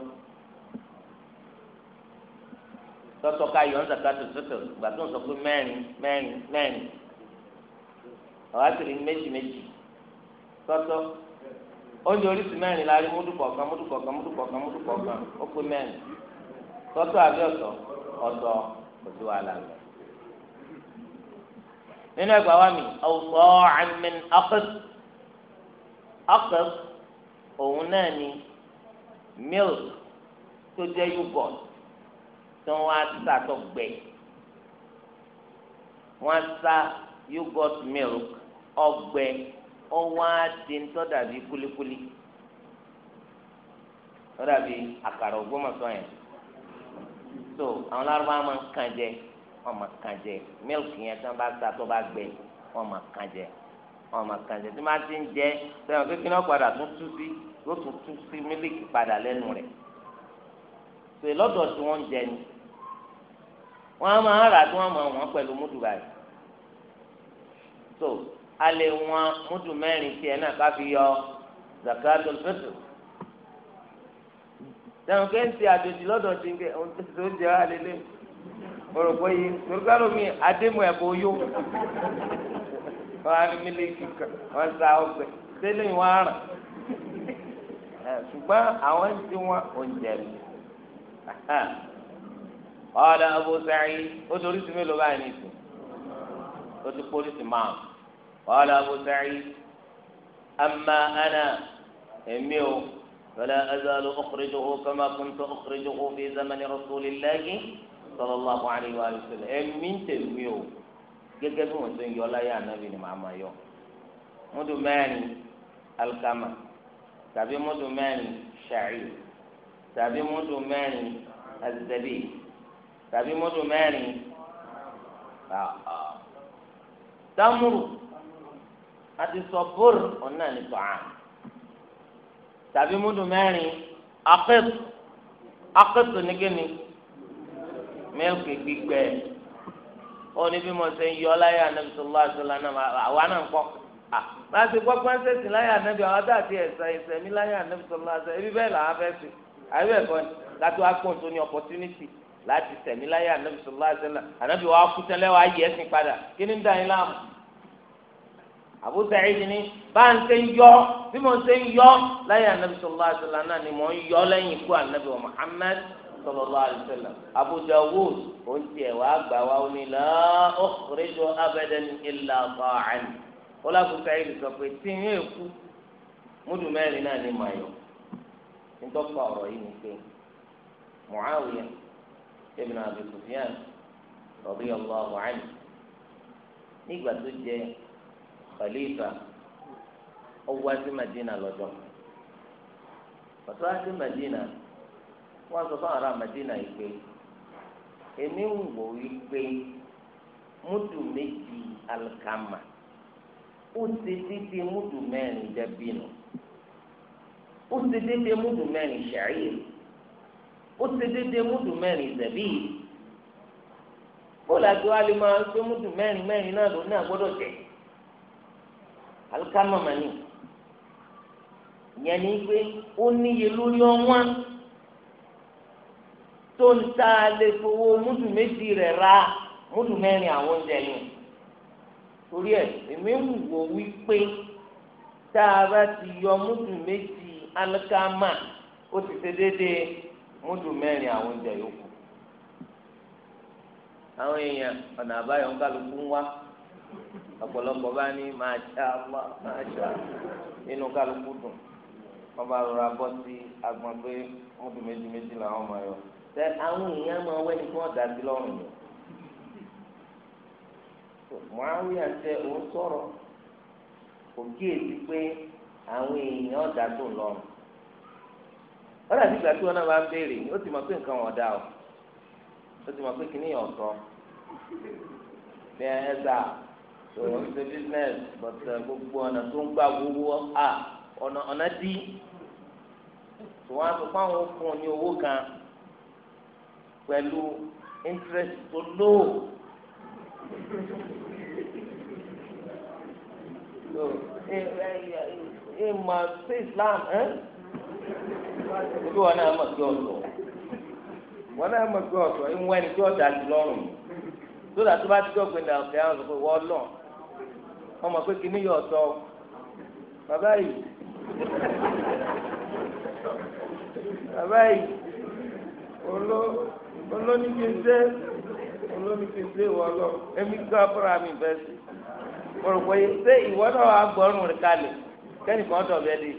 sọ́tọ̀ ká yọ ọ́nzàkátò sọ́tọ̀ ìgbà tó ń sọ pé mẹ́rin mẹ́rin mẹ́rin ọ̀hásìrì méjì méjì sọ́tọ̀ oúnjẹ oríṣi mẹ́rin la rí múdù kọ̀ọ̀kan múdù kọ̀ọ̀kan múdù kọ̀ọ̀kan múdù kọ̀ọ̀kan ó pé mẹ́rin sọ́tọ̀ àbí ọ̀tọ̀ ọ̀tọ̀ kò sí nínú ẹgbàá wa mi ọ̀sọ́ akẹ́s òun náà ni milk tó jẹ́ yogurt tí wọ́n á sá tó gbẹ wọ́n á sá yogurt milk ọgbẹ ọwọ́n á di tó dàbí kulikuli tó dàbí àkàrà ògbómọ̀ṣọ́ yẹn so àwọn lárúbá máa ń kàn jẹ wọ́n máa kàn jẹ milk yẹn tí wọ́n bá sá tó bá gbẹ wọ́n máa kàn jẹ wọn máa kàn jẹ tí máa ti ń jẹ sẹ́wọ̀n kékeré náà padà tún tú sí yóò tún tú sí mílíkì padà lẹ́nu rẹ̀ pè lọ́dọ̀ tí wọ́n ń jẹ ni wọ́n á máa rà tí wọ́n máa wọ́n pẹ̀lú múdù báyìí so a lè wọn múdù mẹ́rin tiẹ̀ náà ká fi yọ zakatul fitr sẹ́wọ̀n kéńtì àjòjì lọ́dọ̀ tí ń kẹ́ ohun tó ń jẹ́ wá lélẹ́yìn orúkọ yìí lórúkọ lómi adémù ẹ̀bọ yó wọn á ní mílíkì kan wọn sa ọgbẹ tẹ́lẹ̀ wọn á ràn ṣùgbọ́n àwọn ń tí wọn oúnjẹ mi ọ̀dà Abu Sa'id ó torí sí mélòó báyìí nìsín ó ti pólísì máa ọ̀dà Abu Sa'id amma ana èmi o. فلا أزال أخرجه كما كنت أخرجه في زمن رسول الله صلى الله عليه وآله وسلم من تلميذ gẹ́gẹ́ bí wọ́n ṣe ń yọ láyé ànábì ni màá máa yọ múdù mẹ́rin alikama tàbí múdù mẹ́rin ṣàì tàbí múdù mẹ́rin azẹbí tàbí múdù mẹ́rin tamuru àti sọbúrú ọ̀nà ní tọ́hán tàbí múdù mẹ́rin akẹ́tù akẹ́tù nígẹ́ni mílíkì gbígbẹ́. ó ní bí mo ṣe ń yọ láyé anabi sọlá ṣọlá náà àwa náà ń kọ́ máa ṣe ya ń ṣèṣin láyé anabi àwọn tá ẹ̀sẹ̀ ẹ̀sẹ̀ mi láyé anabi sọlá ebi bẹ́ẹ̀ làwọn ṣe àbí ẹ̀kọ́ ni láti opportunity láti tẹ̀mí láyé anabi sọlá ṣọlá anabi wa kú tẹ́lẹ̀ wa yẹ ẹ̀sìn padà kí ni ń Abu ni bá ń ṣe ń yọ bí mo ṣe ń yọ láyé anabi anabi wa Muhammad sallallahu alaihi wasallam Abu Dawud òun tiẹ̀ wá gbà wá ó ní la ukhriju abadan illa ta'an ọlọ́kùnrin ayélu sọ pé tí ń yé kú múdù mẹ́rin náà ní mayọ̀ nítọ́fà ọ̀rọ̀ yìí ni pé Muawiya ibn Abi Sufyan radiyallahu anhu nígbà tó jẹ khalifa ọwọ́ sí Madina lọ́jọ́ pàtó sí Madina wọ́n sọ fún ará Madina yìí pé èmi ń wò yìí pé múdù méjì alikama ó ti dídí múdù mẹ́rin dẹ́bìnú ó ti dídí múdù mẹ́rin ṣàyè ó ti dídí múdù mẹ́rin zẹ̀bí bóòlù àti wàhálì máa ń pé múdù mẹ́rin mẹ́rin náà ló náà gbọ́dọ̀ jẹ alikama mani yẹn ni pé ó níye lórí ọ̀wọ́n. tó ń tá a lè fowó múdù méjì rẹ̀ ra múdù mẹ́rin àwọn oúnjẹ yẹn torí ẹ̀ èmi ń wò wípé tá a bá ti yọ múdù méjì alikama ó ti ṣe déédéé múdù àwọn oúnjẹ yòókù àwọn èèyàn ọ̀nà ń kálukú ń wá ọ̀pọ̀lọpọ̀ bá ní máa ṣá máa wọn bá rọra bọ́ sí agbọn pé wọn fi méjì làwọn máa yọ tẹ àwọn èèyàn máa wẹ ní kí wọn lọ́rùn yẹn muawiya tẹ òun sọ̀rọ̀ kò kíyèsí pé àwọn èèyàn ọ̀dà tó lọ́rùn wọ́n dàbí ìgbà tí wọ́n náà bá ń béèrè ó ti mọ̀ pé nǹkan wọn dá o ó ti mọ̀ pé kìnìún yàn sọ ní ẹ̀ẹ́dà òun ṣe business but gbogbo ọ̀nà tó ń gbà wúwo ọ̀nà dí tó wá sọ pé àwọn fún ní owó kan pẹ̀lú interest tó ẹ máa ṣe Islam ojú wọn náà wọn náà tí lọ́rùn bá ti dọ̀gbìn náà àwọn wọ́n ọmọ pé kí ni yọ̀ bàbá yìí. bàbá yìí olóníkèsè olóníkèsè wọ lọ èmi gbọ́ fúnra mi bẹ́ẹ̀ sí pọ̀rọ̀pọ̀ yìí ṣé ìwọ náà wà gbọ́rùn rẹ̀ kalẹ̀ kẹ́nìkan dọ̀bẹ́ di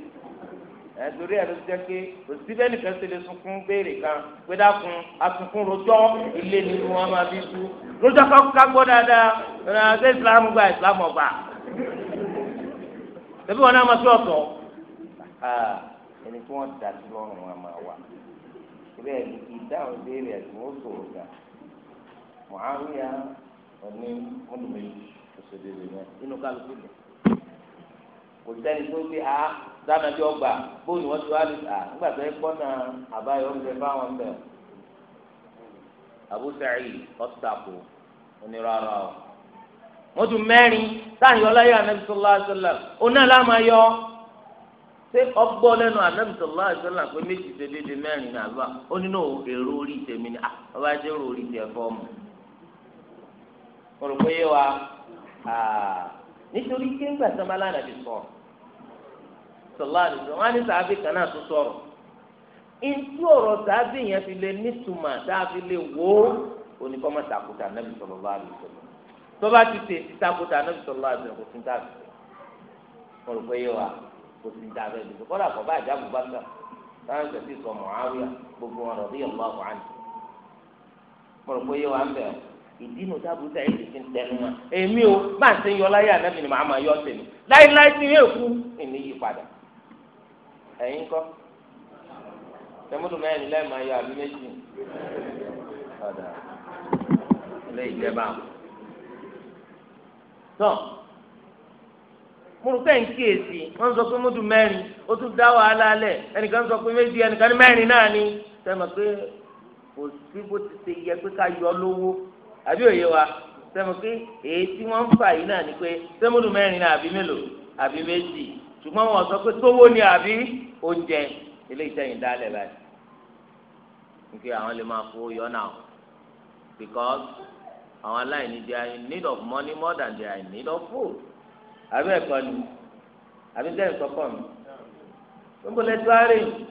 ẹ̀dùrí ẹ̀ ló ti jẹ́ pé òsibẹ́ nìkan ṣe lè sunkún béèrè kan pé dákun asunkún rojọ́ ilé ni wọ́n máa fi tú rojọ́ ká gbọ́ dáadáa ọ̀nà àti Islam gba Islam ọ̀gbà ẹ̀bí wọn náà máa fi ọ̀tọ̀ ah ẹni tí wọ́n dà sí lọ́rùn wọn máa wà ìbẹ́ ìdáhùn béèrè ẹ̀sìn ó ṣòro gà Muawiya ọ̀ní ọdún méjì òṣèlérí náà inú kálukú dùn kò sẹ́ni tó ti a sáànàbí ọgbà bóòlù wọn ti wá lùtà nígbà tó ẹ gbọ́ náà àbáyọ ń bẹ fáwọn bẹ̀ Abu Sa'id ọ̀sàkó onírọ̀rọ̀ wọn tún mẹ́rin sáà yọ láyé ànábì sallallahu alaihi wasallam onáà láàmú ayọ́ ṣé ọgbọ́n lẹ́nu anabi sọlá àṣọlá pé méjì ṣe déédé mẹ́rin ní àlọ́ ó nínú èrò orí tèmi ni ọba ah, jẹ́ èrò orí tẹ̀ fọ́ọ̀mù. mo rò pé yé wa ah, nítorí pé ńgbà tí wọn bá lánàá ti sọ̀rọ̀ sọlá àdìsọ wọn á ní sàábì kan náà tó sọ̀rọ̀ ìtú ọ̀rọ̀ sàábì yẹn fi lè nítumọ̀ sàábì lè wò ó oníkọ́mọ̀ sàkóso anabi sọlá àdìsọ tó bá ti tẹ̀ sí sàkóso anabi sọlá àdìsọ kò tún dàbí mo rò pé kò sí dá abẹ́ dùn kọ́dà kọ́ bá àjà Abubakar táwọn gbogbo wọn rọ̀bí ọ̀lá ọ̀hán mo rò pé yé wa ń bẹ̀ ìdí nu tábù tẹ̀ ti o bá ń sẹ́ yọ láyé ànábì ni màá máa yọ láéláé kú yí padà ẹ̀yin kọ́ lẹ́ẹ̀ máa yọ àbí méjì ọ̀dà múlùkẹ́ ń kíyèsí wọ́n sọ pé múdù mẹ́rin ó tún dá wàhálà lẹ̀ ẹnìkan sọ pé méjì ẹnìkan ní mẹ́rin náà pé kò sí bó ti ṣe yẹ pé ká yọ lówó àbí òye wa sẹ́mi pé èyí tí wọ́n fà yìí náà ni pé sẹ́múdù mẹ́rin náà àbí mélòó àbí méjì ṣùgbọ́n wọ́n sọ pé sówó ni àbí oúnjẹ ilé ìtẹ̀yìn dálẹ̀ báyìí nígbà àwọn lè máa fowó yọ náà because àwọn aláìní they are in need of money more than they are in need of food àbí ẹ̀kọ́ ni àbí sẹ́yìn sọ́kọ̀ mi gbogbo lẹ́tọ́ àárẹ̀ yìí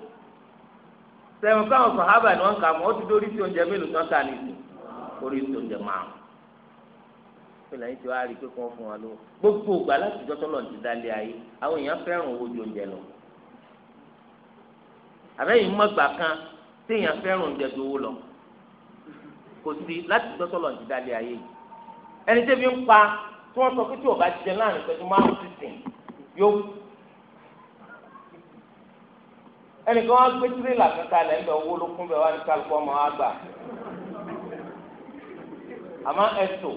sẹ́yìn káwọn sọ̀hábà ni wọ́n kà mọ́ ó ti dórí sí oúnjẹ mélòó tán kà ní ìsìn orí sí oúnjẹ máa pé lẹ́yìn tí wàá rí i pé kí wọ́n fún wa lówó gbogbo ògbà láti jọ́tọ́ lọ́n ti dálé ayé àwọn èèyàn fẹ́ràn owó ju oúnjẹ lọ àbẹ́yìn mọ́gbà kan téèyàn fẹ́ràn oúnjẹ ju owó lọ kò sí láti jọ́tọ́ lọ́n ti dálé ayé yìí ẹni tẹ́bi ń pa tí wọ́n sọ pé tí o bá jẹ láàrin pẹ̀lú márùn sísìn yóò ẹnìkan wá gbé tirẹ̀là kankan lẹ̀ ńbẹ owó ló kún bẹ wá ní kálukọ́ ọmọ wa gbà àmọ́ ẹ̀sọ́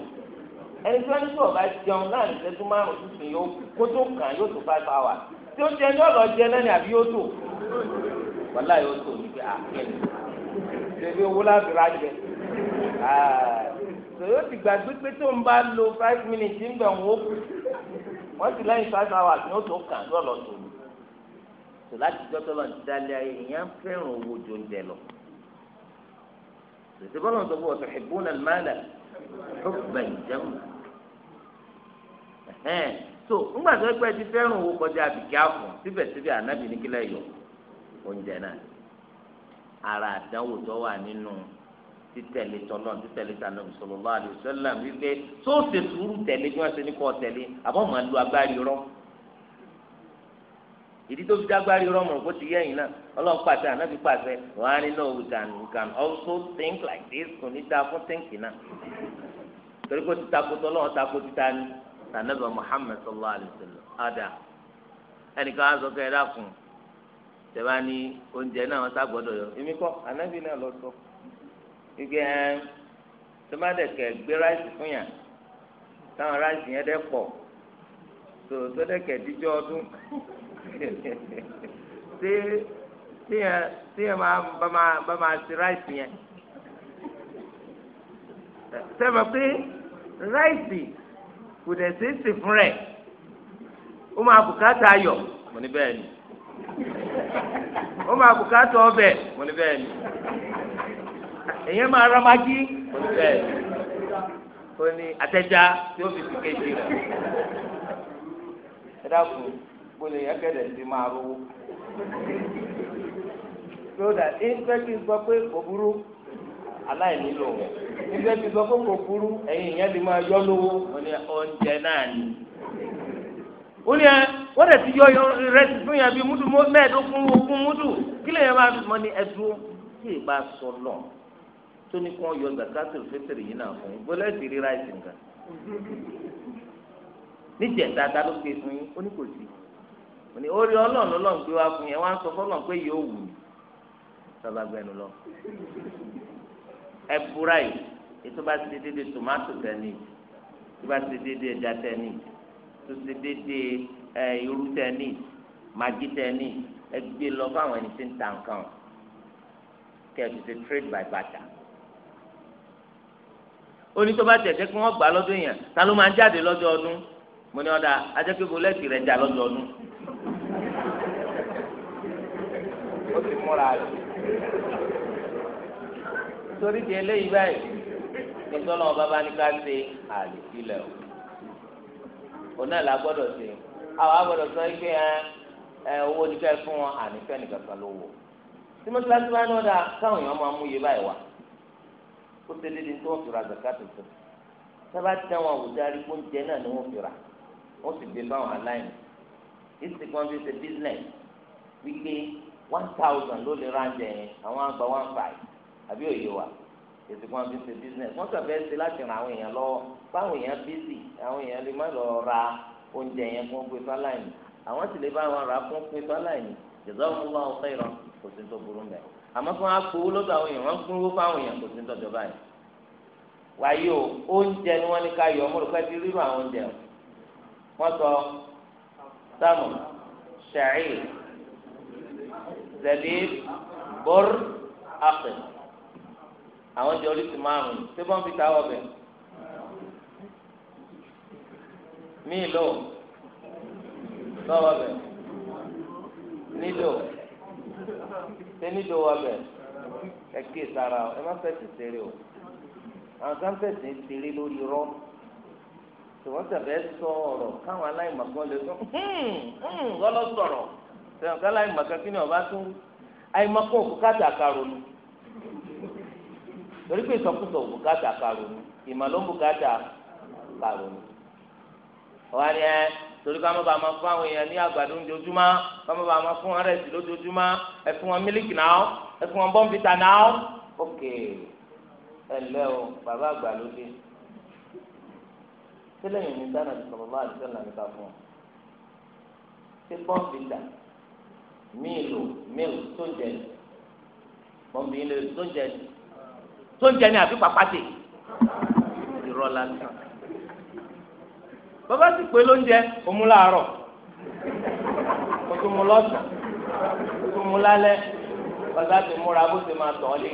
ẹni tí wọ́n ní tí o bá jẹun láàrin pẹ̀lú márùn sísìn yóò kó tó kàn yóò tó five hours tí ó jẹ ní ọ̀rọ̀ jẹ lẹ́nu àbí yóò tó wàlá yóò tó níbi àkẹ́ni ṣe bí owó láti rájẹ yóò ti gbàgbé pé tó ń bá lo five minutes ń bẹ̀ wọ́n kú wọ́n ti lẹ́yìn five hours ní ó tó kàn lọ́lọ́ tó ní. tó láti jọ́ tó lọ ti dálé ayé ìyẹn fẹ́ràn owó jọ ń jẹ lọ. tètè bọ́lá tó bọ̀ tuhibbuna al-mala hubban jamma. tó ńgbà tó pẹ́ ti fẹ́ràn owó kọjá àbíkíá fún síbẹ̀síbẹ̀ ànábì ní kílẹ̀ yọ oúnjẹ náà. ara àdánwò tó wà nínú títẹ̀lé tọ́lọ́ títẹ̀lé tànà sallallahu alaihi wasallam wípé tó ṣe sùúrù tẹ̀lé bí wọ́n ní kọ́ tẹ̀lé àbọ̀ máa lu agbárí rọ́ ìdí tó fi dá agbárí rọ́ mọ̀ kó ti yẹ ẹ̀yìn náà ọlọ́run pàṣẹ ànábi pàṣẹ wọ́n á we can we can also think like this kò ní dáa fún tẹ́ǹkì náà torí kó ti takò tọ́lọ́run takò ti ta ni tànàbà Muhammad sallallahu alaihi wasallam ada ẹnìkan á sọ kẹ́ ẹ dákun tẹ̀ bá ní oúnjẹ náà wọ́n sá gbọ́dọ̀ yọ èmi kọ́ ànábi náà lọ sọ. So. gbígbé ẹ tó gbé ráìsì fún yàn táwọn yẹn dẹ pọ̀ tó tó dẹ̀ ọdún tí tí yẹn tí yẹn máa bá máa bá máa ti yẹn sẹ́mi pé kò dẹ̀ sí sí fún rẹ̀ ó máa bùkátà ayọ̀ èyí máa rán magí oníbẹ̀ ó ní atẹ́já tí ó fi ti kejì rẹ̀ ẹ dákun gbọ́dọ̀ yẹ kẹ́dẹ̀ ti máa rówó sódà ẹ fẹ́ pé kò burú aláìní lò wọ́n ìgbẹ́ ti sọ ẹ̀yìn ìyẹn ti máa yọ lówó wọ́n ní oúnjẹ náà ni. ó ní ẹ wọ́n dẹ̀ ti yọ ìrẹsì fún yẹn bíi múdù mẹ́ẹ̀ẹ́dógún ogún múdù kí lè yẹn máa fi ní ẹdúró tí ì bá sọ lọ tó ní kí wọ́n yọ zakatul fitiri yìí náà fún yín bọ́lá ẹ̀sìn ríra ẹ̀sìn kan níjẹ̀ta ta ló pe fún yín ó ní kò sí òní orí ọlọ́run lọ́lọ́run gbé wá fún yín ẹ wá ń sọ fọlọ́run pé yóò wù mí sábà gbẹnu lọ ẹ yìí ètò bá ti dédé tòmátò tẹ́ni tó bá ti dédé ẹja tẹ́ni tó ti dédé ẹ irú tẹ́ni magi tẹ́ni ẹ gbé lọ fáwọn ẹni tí ń ta nǹkan kẹ́ ẹ ti ṣe trade by barter oní tó bá tẹ̀sẹ̀ kí wọ́n gbà lọ́dún yẹn ta ló máa ń jáde lọ́jọ́ ọdún mo ní ọ̀dà ajẹ́pẹ́ bọ́lẹ́tì rẹ̀ jà lọ́jọ́ ọdún. ó ti múra rẹ̀ torí di eléyìí báyìí nítorí wọn bábá ní ká ṣe àlèfilẹ̀ o òun náà la gbọ́dọ̀ ṣe àwọn agbọ́dọ̀ sọ pé ẹ owó ní ká fún wọn ànífẹ́ nìkan kan ló wò tí mo ti láti bá ní ọ̀dà káwọn èèyàn máa mú iye báyìí wá ó ṣe déédéé tí wọ́n fi ra zakatu fún sábà tí àwọn àwùjọ arígbó ń jẹ náà ni wọ́n fi ra wọ́n sì gbé fáwọn aláìní ìsìn kan fi ṣe business wípé one thousand ló lè ra ń jẹ yẹn àwọn àgbà one five àbí òye wa ìsìn kan fi ṣe business wọ́n kàn fẹ́ ṣe láti ran àwọn èèyàn lọ́wọ́ báwọn èèyàn bísì àwọn èèyàn lè má lọ ra oúnjẹ yẹn fún pé fáláìní àwọn sì lè bá wọn rà fún pé fáláìní jazakumullahu khairan kò sí tó burú mẹ́rin àmọ́ fún wa gbowó lọ́dọ̀ àwọn èèyàn wọ́n gbówó fáwọn èèyàn kò sí tọ́jọ́ báyìí wáyé o oúnjẹ ni wọ́n ní ká yọ ọmọ olùkọ́ ti rírun àwọn oúnjẹ o wọ́n sọ sámù ṣàì zẹ̀bí bọ́r àpè àwọn oúnjẹ oríṣi márùn-ún ṣé wọ́n fi táwọ̀ bẹ̀ míì lò lọ́wọ́ bẹ̀ nílò. ẹni ló wà bẹ ẹ sara o ẹ má fẹsẹ̀ ṣeré o àwọn kan fẹsẹ̀ ṣeré lórí rọ tòwọ́n tẹ̀fẹ́ sọ̀rọ̀ káwọn aláìmọ̀kan lè sọ hmm, hmm, wọ́lọ́ sọ̀rọ̀ tẹ̀wọ́n káwọn kí ni ọba tún àìmọ̀kan òkú káàtà karonu torí pé ìsọkúsọ òkú káàtà karonu ìmọ̀ ló ń wọ́n á ní ẹ́. torí ká má bàa máa fún àwọn èèyàn ní àgbàdo ojoojúmọ́ ká má bàa máa fún wọn rẹsì lójoojúmọ́ ẹ fún wọn mílíkì náà ẹ fún wọn bọ́ǹbìtà náà ok ẹ lẹ́ o bàbá àgbà ló dé tẹ́lẹ̀ yìí ní dáná ti sọ̀rọ̀ láti sẹ́lẹ̀ níta fún ọ ṣé bọ́ǹbìtà mílò mílò tó ń jẹ bọ́ǹbìtà tó ń jẹ tó ń jẹ àbí pàpàtì ìrọ̀ lásán bàbá sì pé lóúnjẹ òmu làárọ̀ òtún mu lọ́sàn òtún mu lálẹ́ bàbá ti múra bó ti máa tọ̀ ọ́ lé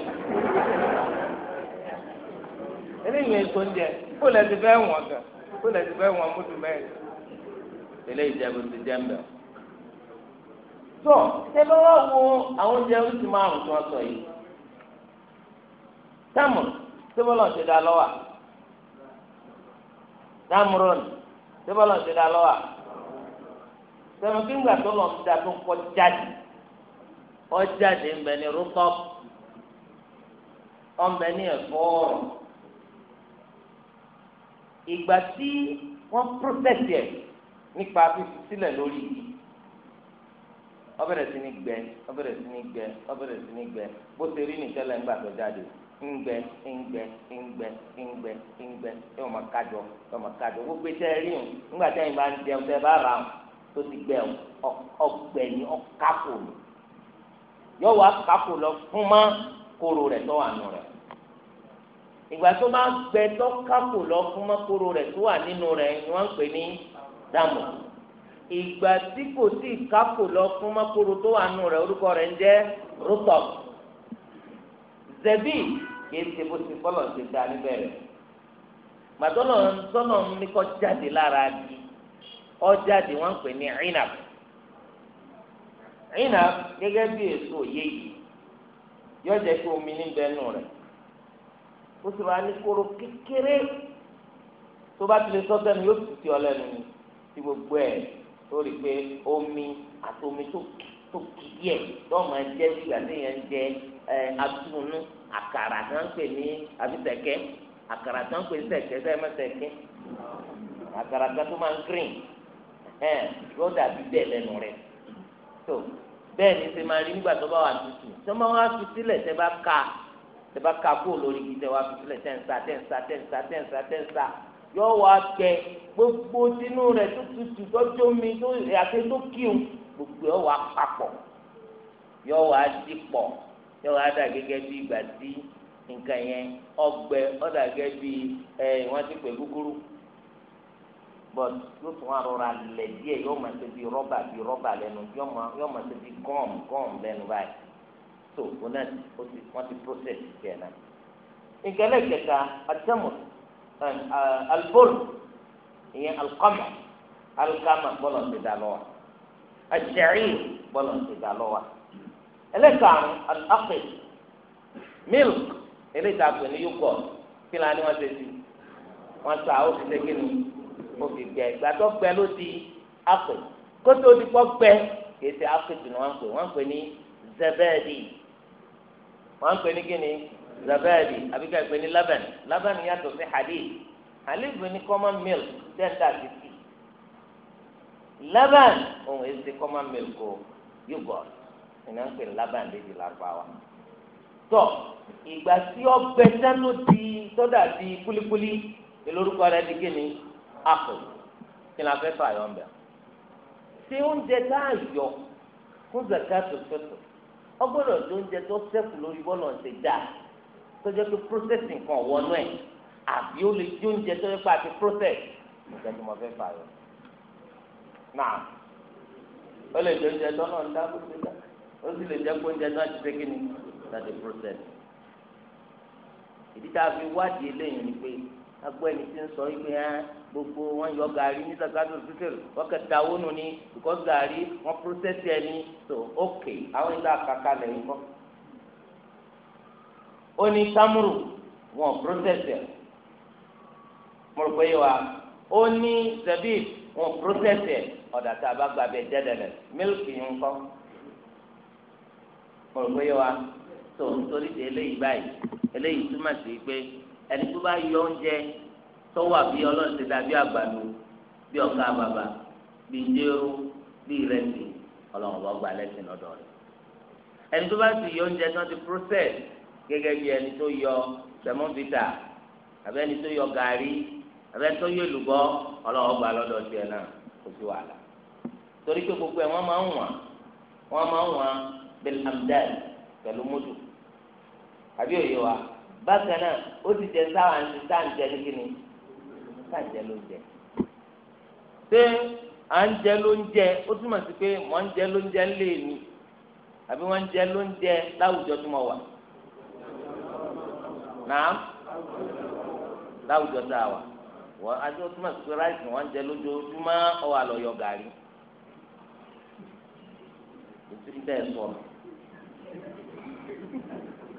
eléyìí lè tó oúnjẹ kó lè ti fẹ́ wọ̀n gan kó lè ti fẹ́ wọ̀n mútu mẹ́rin eléyìí jẹ́ bó ti jẹ́ mbẹ́ tó ṣé bá wà wo àwọn oúnjẹ oṣù márùn tí wọ́n sọ yìí táàmù tí wọ́n lọ ṣe dá lọ́wọ́ táàmù rọ́ọ̀nù sẹ́fọ́ lọ́n ti da lọ́wọ́ sẹ́fọ́ kí ńgbà tó lọ́n ti da tó ń kọ́ jáde ọjáde ń bẹ ní rúkọ́ ọ̀ ń bẹ ní ẹ̀fọ́ ọ̀rọ̀ ìgbà tí wọ́n protect ẹ̀ nípa fífi sílẹ̀ lórí yìí ọbẹ̀rẹ̀ sí ní gbẹ ọbẹ̀rẹ̀ sí ní gbẹ ọbẹ̀rẹ̀ sí ní gbẹ bó ṣe rí nìkẹ́lẹ̀ ńgbà tó jáde Ngbe ngbe ngbe ngbe ngbe tí wọn kájọ wọn kájọ gbogbo rí o nígbà tí ń jẹun tẹ bá wá lọ fún rẹ tó wà nù rẹ ìgbà tó bá gbẹ tó lọ fún rẹ tó wà ni wọn ń pè ní dàmù ìgbà tí kò rẹ orúkọ rẹ ń jẹ zẹ̀bí kì í ṣe bó ti kọ́ lọ́n ti da níbẹ̀ rẹ̀ màdọ́lọ̀ sọ́nà ní kọ́ jáde lára di ọ́ jáde wọ́n ń pè ní inab inab gẹ́gẹ́ bí èso òye yìí yóò jẹ́ kí omi níbẹ̀ nù rẹ̀ ó sì máa ní kóró kékeré tó bá ti lè sọ́ yóò sì ọ lẹ́nu ni ti gbogbo ẹ̀ tó rí i pé omi àti omi tó kí díẹ̀ tó máa jẹ́ bí ìgbà téèyàn ń jẹ́ atúnú àkàrà tó ń pè ní àbí sẹ̀kẹ́ àkàrà tó ń pè ní sẹ̀kẹ́ sẹ́yìn mọ́ sẹ̀kẹ́ àkàrà tó máa ń green ẹ̀ yóò dàbí bẹ́ẹ̀ lẹ́nu rẹ̀ tó bẹ́ẹ̀ ni ṣe máa rí nígbà tó bá wà tutù tó máa wá fi sílẹ̀ tẹ́ bá ka tẹ́ bá ka kó lórí igi tẹ́ wá fi sílẹ̀ tẹ́ ń sa tẹ́ ń sa tẹ́ ń sa tẹ́ ń sa tẹ́ ń sa yóò wá kẹ gbogbo tinú rẹ̀ tó tutù tó jómi tó àti tó kíun gbogbo yóò wá papọ̀ yóò wá dìpọ̀ yóò wá dà gẹ́gẹ́ bí ìgbà tí nǹkan yẹn ọgbẹ ọdà gẹ́gẹ́ bí ẹ wọ́n ti pè kúkúrú but yóò tún wá rọra lẹ̀ díẹ̀ yóò máa ṣe bí rọ́bà bí rọ́bà lẹ́nu yóò máa ṣe bí gọ́ọ̀m gọ́ọ̀m lẹ́nu báyìí so òun náà ó ti wọ́n ti process díẹ̀ náà. nǹkan lẹ́kẹ̀ẹ́ta àtẹ́mù albol ìyẹn alkama alkama bọ́lọ̀ ti dà lọ́wọ́ àṣẹ̀rí bọ́lọ̀ ti dà lọ́wọ́ ẹlẹ́kàrún àtàkùn milk eléta pè ní yogurt kí la ni wọ́n ṣe sí wọ́n sọ àwọn òṣìṣẹ́ kí ni mo fi gbẹ gbàtọ́ gbẹ ló di apè kótó ti kọ́ gbẹ kì í ṣe apè tù ni wọ́n ń pè wọ́n ń pè ní zẹbẹ́ẹ̀dì wọ́n ń pè ní kí zẹbẹ́ẹ̀dì àbí pè ní laban laban yàtọ̀ sí hadid hadid ní common milk dẹ́ta ti ti laban òun èsì common milk o ìná ń pè lábàndé di lárúbáwá. tọ ìgbà tí ọbẹ sánú di sọdà di kulikuli ìlórúkọ rẹ di kí ni apò kí ni a fẹ́ fà yọ ọ́n bẹ̀. ṣé oúnjẹ tá a yọ fún zakato fẹ́tọ̀ ọgbọ́dọ̀ tó oúnjẹ tó sẹ́kù lórí bọ́ọ̀lù ọ̀sẹ̀ dá tọ́jọ́ pé processing kan wọnú ẹ̀ àbí ó lè jó oúnjẹ tọ́jọ́ pé àti process ìgbà tí mo fẹ́ fà yọ. náà ó lè jó oúnjẹ tó náà ń dá bó ṣe dá ó sì lè jẹ́ pé oúnjẹ náà ti ṣégin ní láti process. ìdí tá a fi wádìí eléyìí ni pé agbọ́ ẹni tí ń sọ yìí pé ẹ́ gbogbo wọn yọ gàrí ní zakatul fitr wọn kẹta wónú ni because gàrí wọn process ẹni so ok àwọn ìlú àkàkà lẹ́yìn kọ́. ó ní tamuru wọn process ẹ̀ mo rò pé yìí wá ó ní zabib wọn process ẹ̀ ọ̀dà tá a bá gbà bẹ́ẹ̀ jẹ́ dẹ̀lẹ̀ mílìkì ń kọ́. mọ̀rọ̀ pé wa tó nítorí ti eléyìí báyìí eléyìí túmọ̀ sí pé ẹni tó bá yọ oúnjẹ tó wà bí dàbí àgbàdo bí bàbà bí jéró bí ìrẹsì ọlọ́run bá lẹ́sìn lọ́dọ̀ rẹ̀ ẹni tó bá sì yọ oúnjẹ tó ti process gẹ́gẹ́ bí ẹni tó yọ sẹ̀mọ́fìtà àbẹ́ ẹni tó yọ gàrí àbẹ́ ẹni tó yọ èlùbọ́ lọ́dọ̀ tiẹ̀ náà kò sí wàhálà torí gbogbo ẹ̀ wọ́n máa ń bilhamdan pẹ̀lú mudu àbí òye wa bákan náà ó ti jẹ sáwọn àti sáǹjẹ ní kíni sáǹjẹ ló jẹ ṣé à ń jẹ ló ń jẹ ó túmọ̀ sí pé mọ̀ ń jẹ ló ń jẹ mi àbí wọ́n ń jẹ ló ń jẹ láwùjọ tó mọ̀ wà náà láwùjọ a wà wọ́n adé ó túmọ̀ sí pé ráìsì wọ́n ń jẹ lójoojúmọ́ ọ̀wà lọ́yọ̀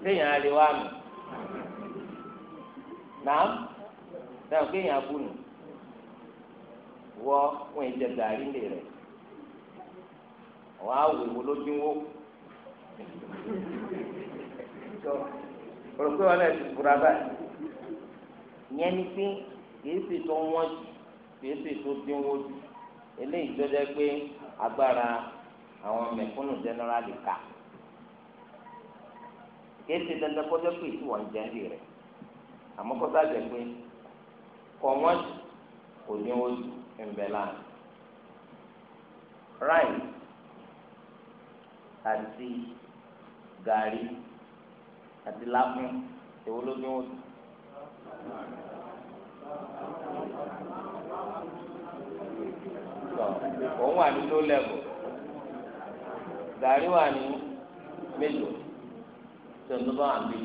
téèyàn alẹ́ wa mọ̀ nàám dáhùn kéèyàn abúlù wọ wọn ì gàrí lè rẹ wọn á wò lójúwò wọn lè ti fura báyìí yẹn ni pé kìí tó wọn jù kìí tó dínwó jù eléyìí tó pé agbára àwọn kìí ṣe dandan kọjá pé tí wọ́n ń jẹ́ ńlẹ̀ rẹ̀ àmọ́ kọ́tà jẹ́ pé kọ́ wọ́n jù kò ní wọ́n jù ńbẹ̀ láàrin. ráì àti gàrí àti lápín èwo ló ní wọ́n jù. òun wà ní ló lẹ́bù gàrí wà ní mélòó tó ń bá wà bí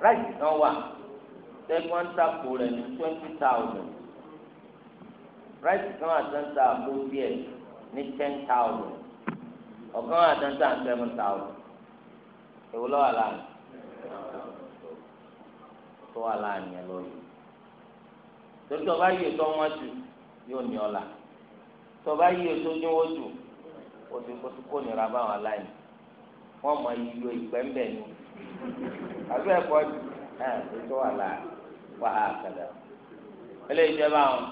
ráìsì kan wà tẹ́gbọ́n tàpó rẹ̀ ní twenty thousand ráìsì kan wà tó ń ta àpò díẹ̀ ní ten thousand ọ̀kan wà seven thousand èwo lọ́wọ́ láàyè tó wà láàyè yẹn lórí torí tó bá yíyọ tó wọ́n jù yóò ní ọ̀la tó bá yíyọ tó dínwó jù ó ti kó nira báwọn aláìní. wọ́n mọ ìlò ìgbẹ́ńbẹ́ ni àbí ẹ̀kọ́ ẹ̀ ẹ̀ tó wà láà wà á kàdà eléyìí jẹ́ báwọn.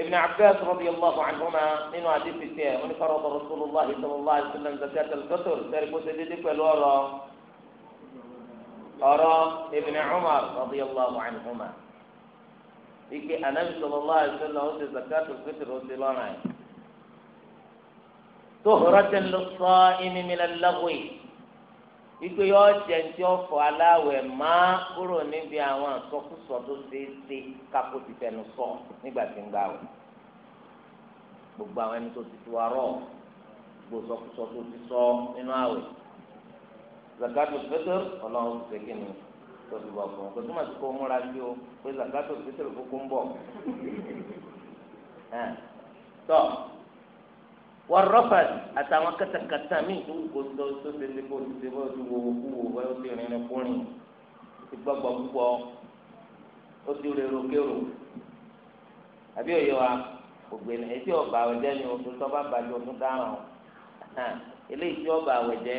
ابن عباس رضي الله عنهما من في سيه من فرض رسول الله صلى الله عليه وسلم زكاة الفطر تاركو سيدك والورى أرى ابن عمر رضي الله عنهما إيكي أنا صلى الله عليه وسلم زكاة الفطر رضي الله عنه tóhùrọ́tẹ̀ ló sọ ẹni mi lọ́wọ́ yìí ikú yọ jẹ ti ọfọ aláwẹ̀ máa kúrò níbi àwọn àsọkúsọ tó ṣeéṣe kápó ti fẹnu sọ nígbà tí ń gbà wọ gbogbo àwọn ẹni tó ti tu arọ gbogbo sọkúsọ tó ti sọ nínú àwẹ̀ zakato fẹsẹ̀ Ọlọ́run ti ṣèké ni tó ti bọ fún un kò túmọ̀ sí kó múra sí o pé zakato fẹsẹ̀ kúkú ń bọ̀ tọ́ wọ́rọ́fàd àtàwọn kẹtàkẹtà míì tó kò tó tó ṣe ṣe kó ṣe bó ti wo owó kúwo bá ó ti rìnrìn kúrin ó ti gbọ́gbọ́ púpọ̀ ó ti rèrò kérò àbí òye wa ògbéni etí ọba àwẹ̀jẹ́ ni oṣù tó bá bàjẹ́ oṣù dáràn eléyìí tí ọba àwẹ̀jẹ́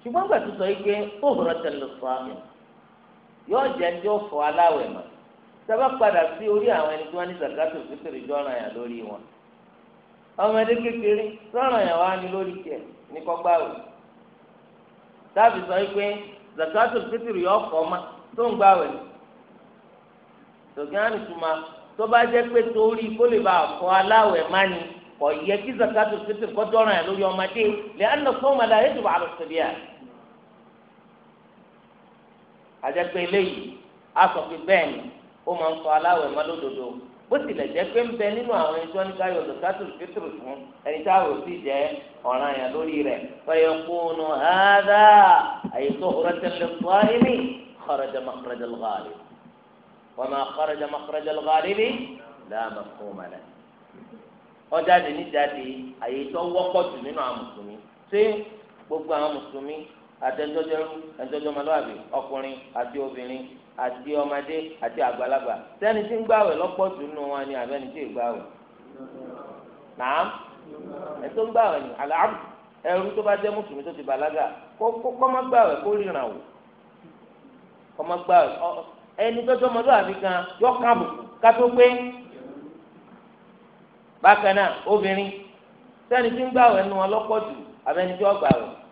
ṣùgbọ́n gbà tó sọ yìí pé ó hùrọ̀ tẹ̀lé sọ àmì yóò jẹ́ ní ó fọ aláwẹ̀ mọ́ sábà padà sí orí àwọn ẹni tí wọ́n ní zakato fitiri jọ́ràn yà lórí wọn ọmọdé kékeré sọ̀rọ̀ yẹn wá ní lórí tiẹ̀ ní kọ́gbà wò sáàbì sọ pé zakatul fitiri yọ ọkọ ma tó ń gbà wò ni tòkíyàn tuma tó bá jẹ́ pé torí kó lè bá fọ aláwẹ̀ má ni kò yẹ kí zakatul fitiri kọ́ dọ́rọ̀ yẹn lórí ọmọdé lè á nà fún ọmọdé ayé tó bá lọ síbi à àjẹpẹ́ eléyìí a sọ bẹ́ẹ̀ ni ó máa ń fọ aláwẹ̀ má lódodo. bó tilẹ̀ jẹ́ pé ń bẹ nínú àwọn ẹjọ́ tó ní káyọ̀ lọ́sàtúrù fítúrù fún ẹni tá a rò sí jẹ́ ọ̀ràn yẹn lórí rẹ̀ fẹ̀yẹ̀kùnù hàdà àyètò ọ̀rọ̀tẹ̀lẹ̀ fúláìmì kọ́rọ̀jà mọ̀kọ́rọ̀jà lọ́gàrí wọ́n máa kọ́rọ̀jà mọ̀kọ́rọ̀jà lọ́gàrí bí láàmà fún mọ́lẹ̀. ọjà dì ní jáde àyètò wọ́pọ̀ jù nínú àwọn mùsùlùmí ṣé gbogbo àwọn mùsùlùmí àtẹ̀ńtọ́jọ́rú àti ọmọdé àti àgbàlagbà sẹ́ni tí ń gbàwẹ̀ lọ́pọ̀ jù nù wọn ni àbẹ́ni tí ì gbàwẹ̀ nàám ẹ̀tọ́ ń gbàwẹ̀ ni àlàáfù ẹrú tó bá jẹ́ mùsùlùmí tó ti bàlágà kọ́ má gbàwẹ̀ kó ríran o kọ́ má gbàwẹ̀ ẹni tó tọ́ ọmọdé àfi kan yọ káàbù ká tó gbé bákan náà obìnrin sẹ́ni tí ń gbàwẹ̀ nù wọn lọ́pọ̀ jù àbẹ́ni tí ó gbàwẹ̀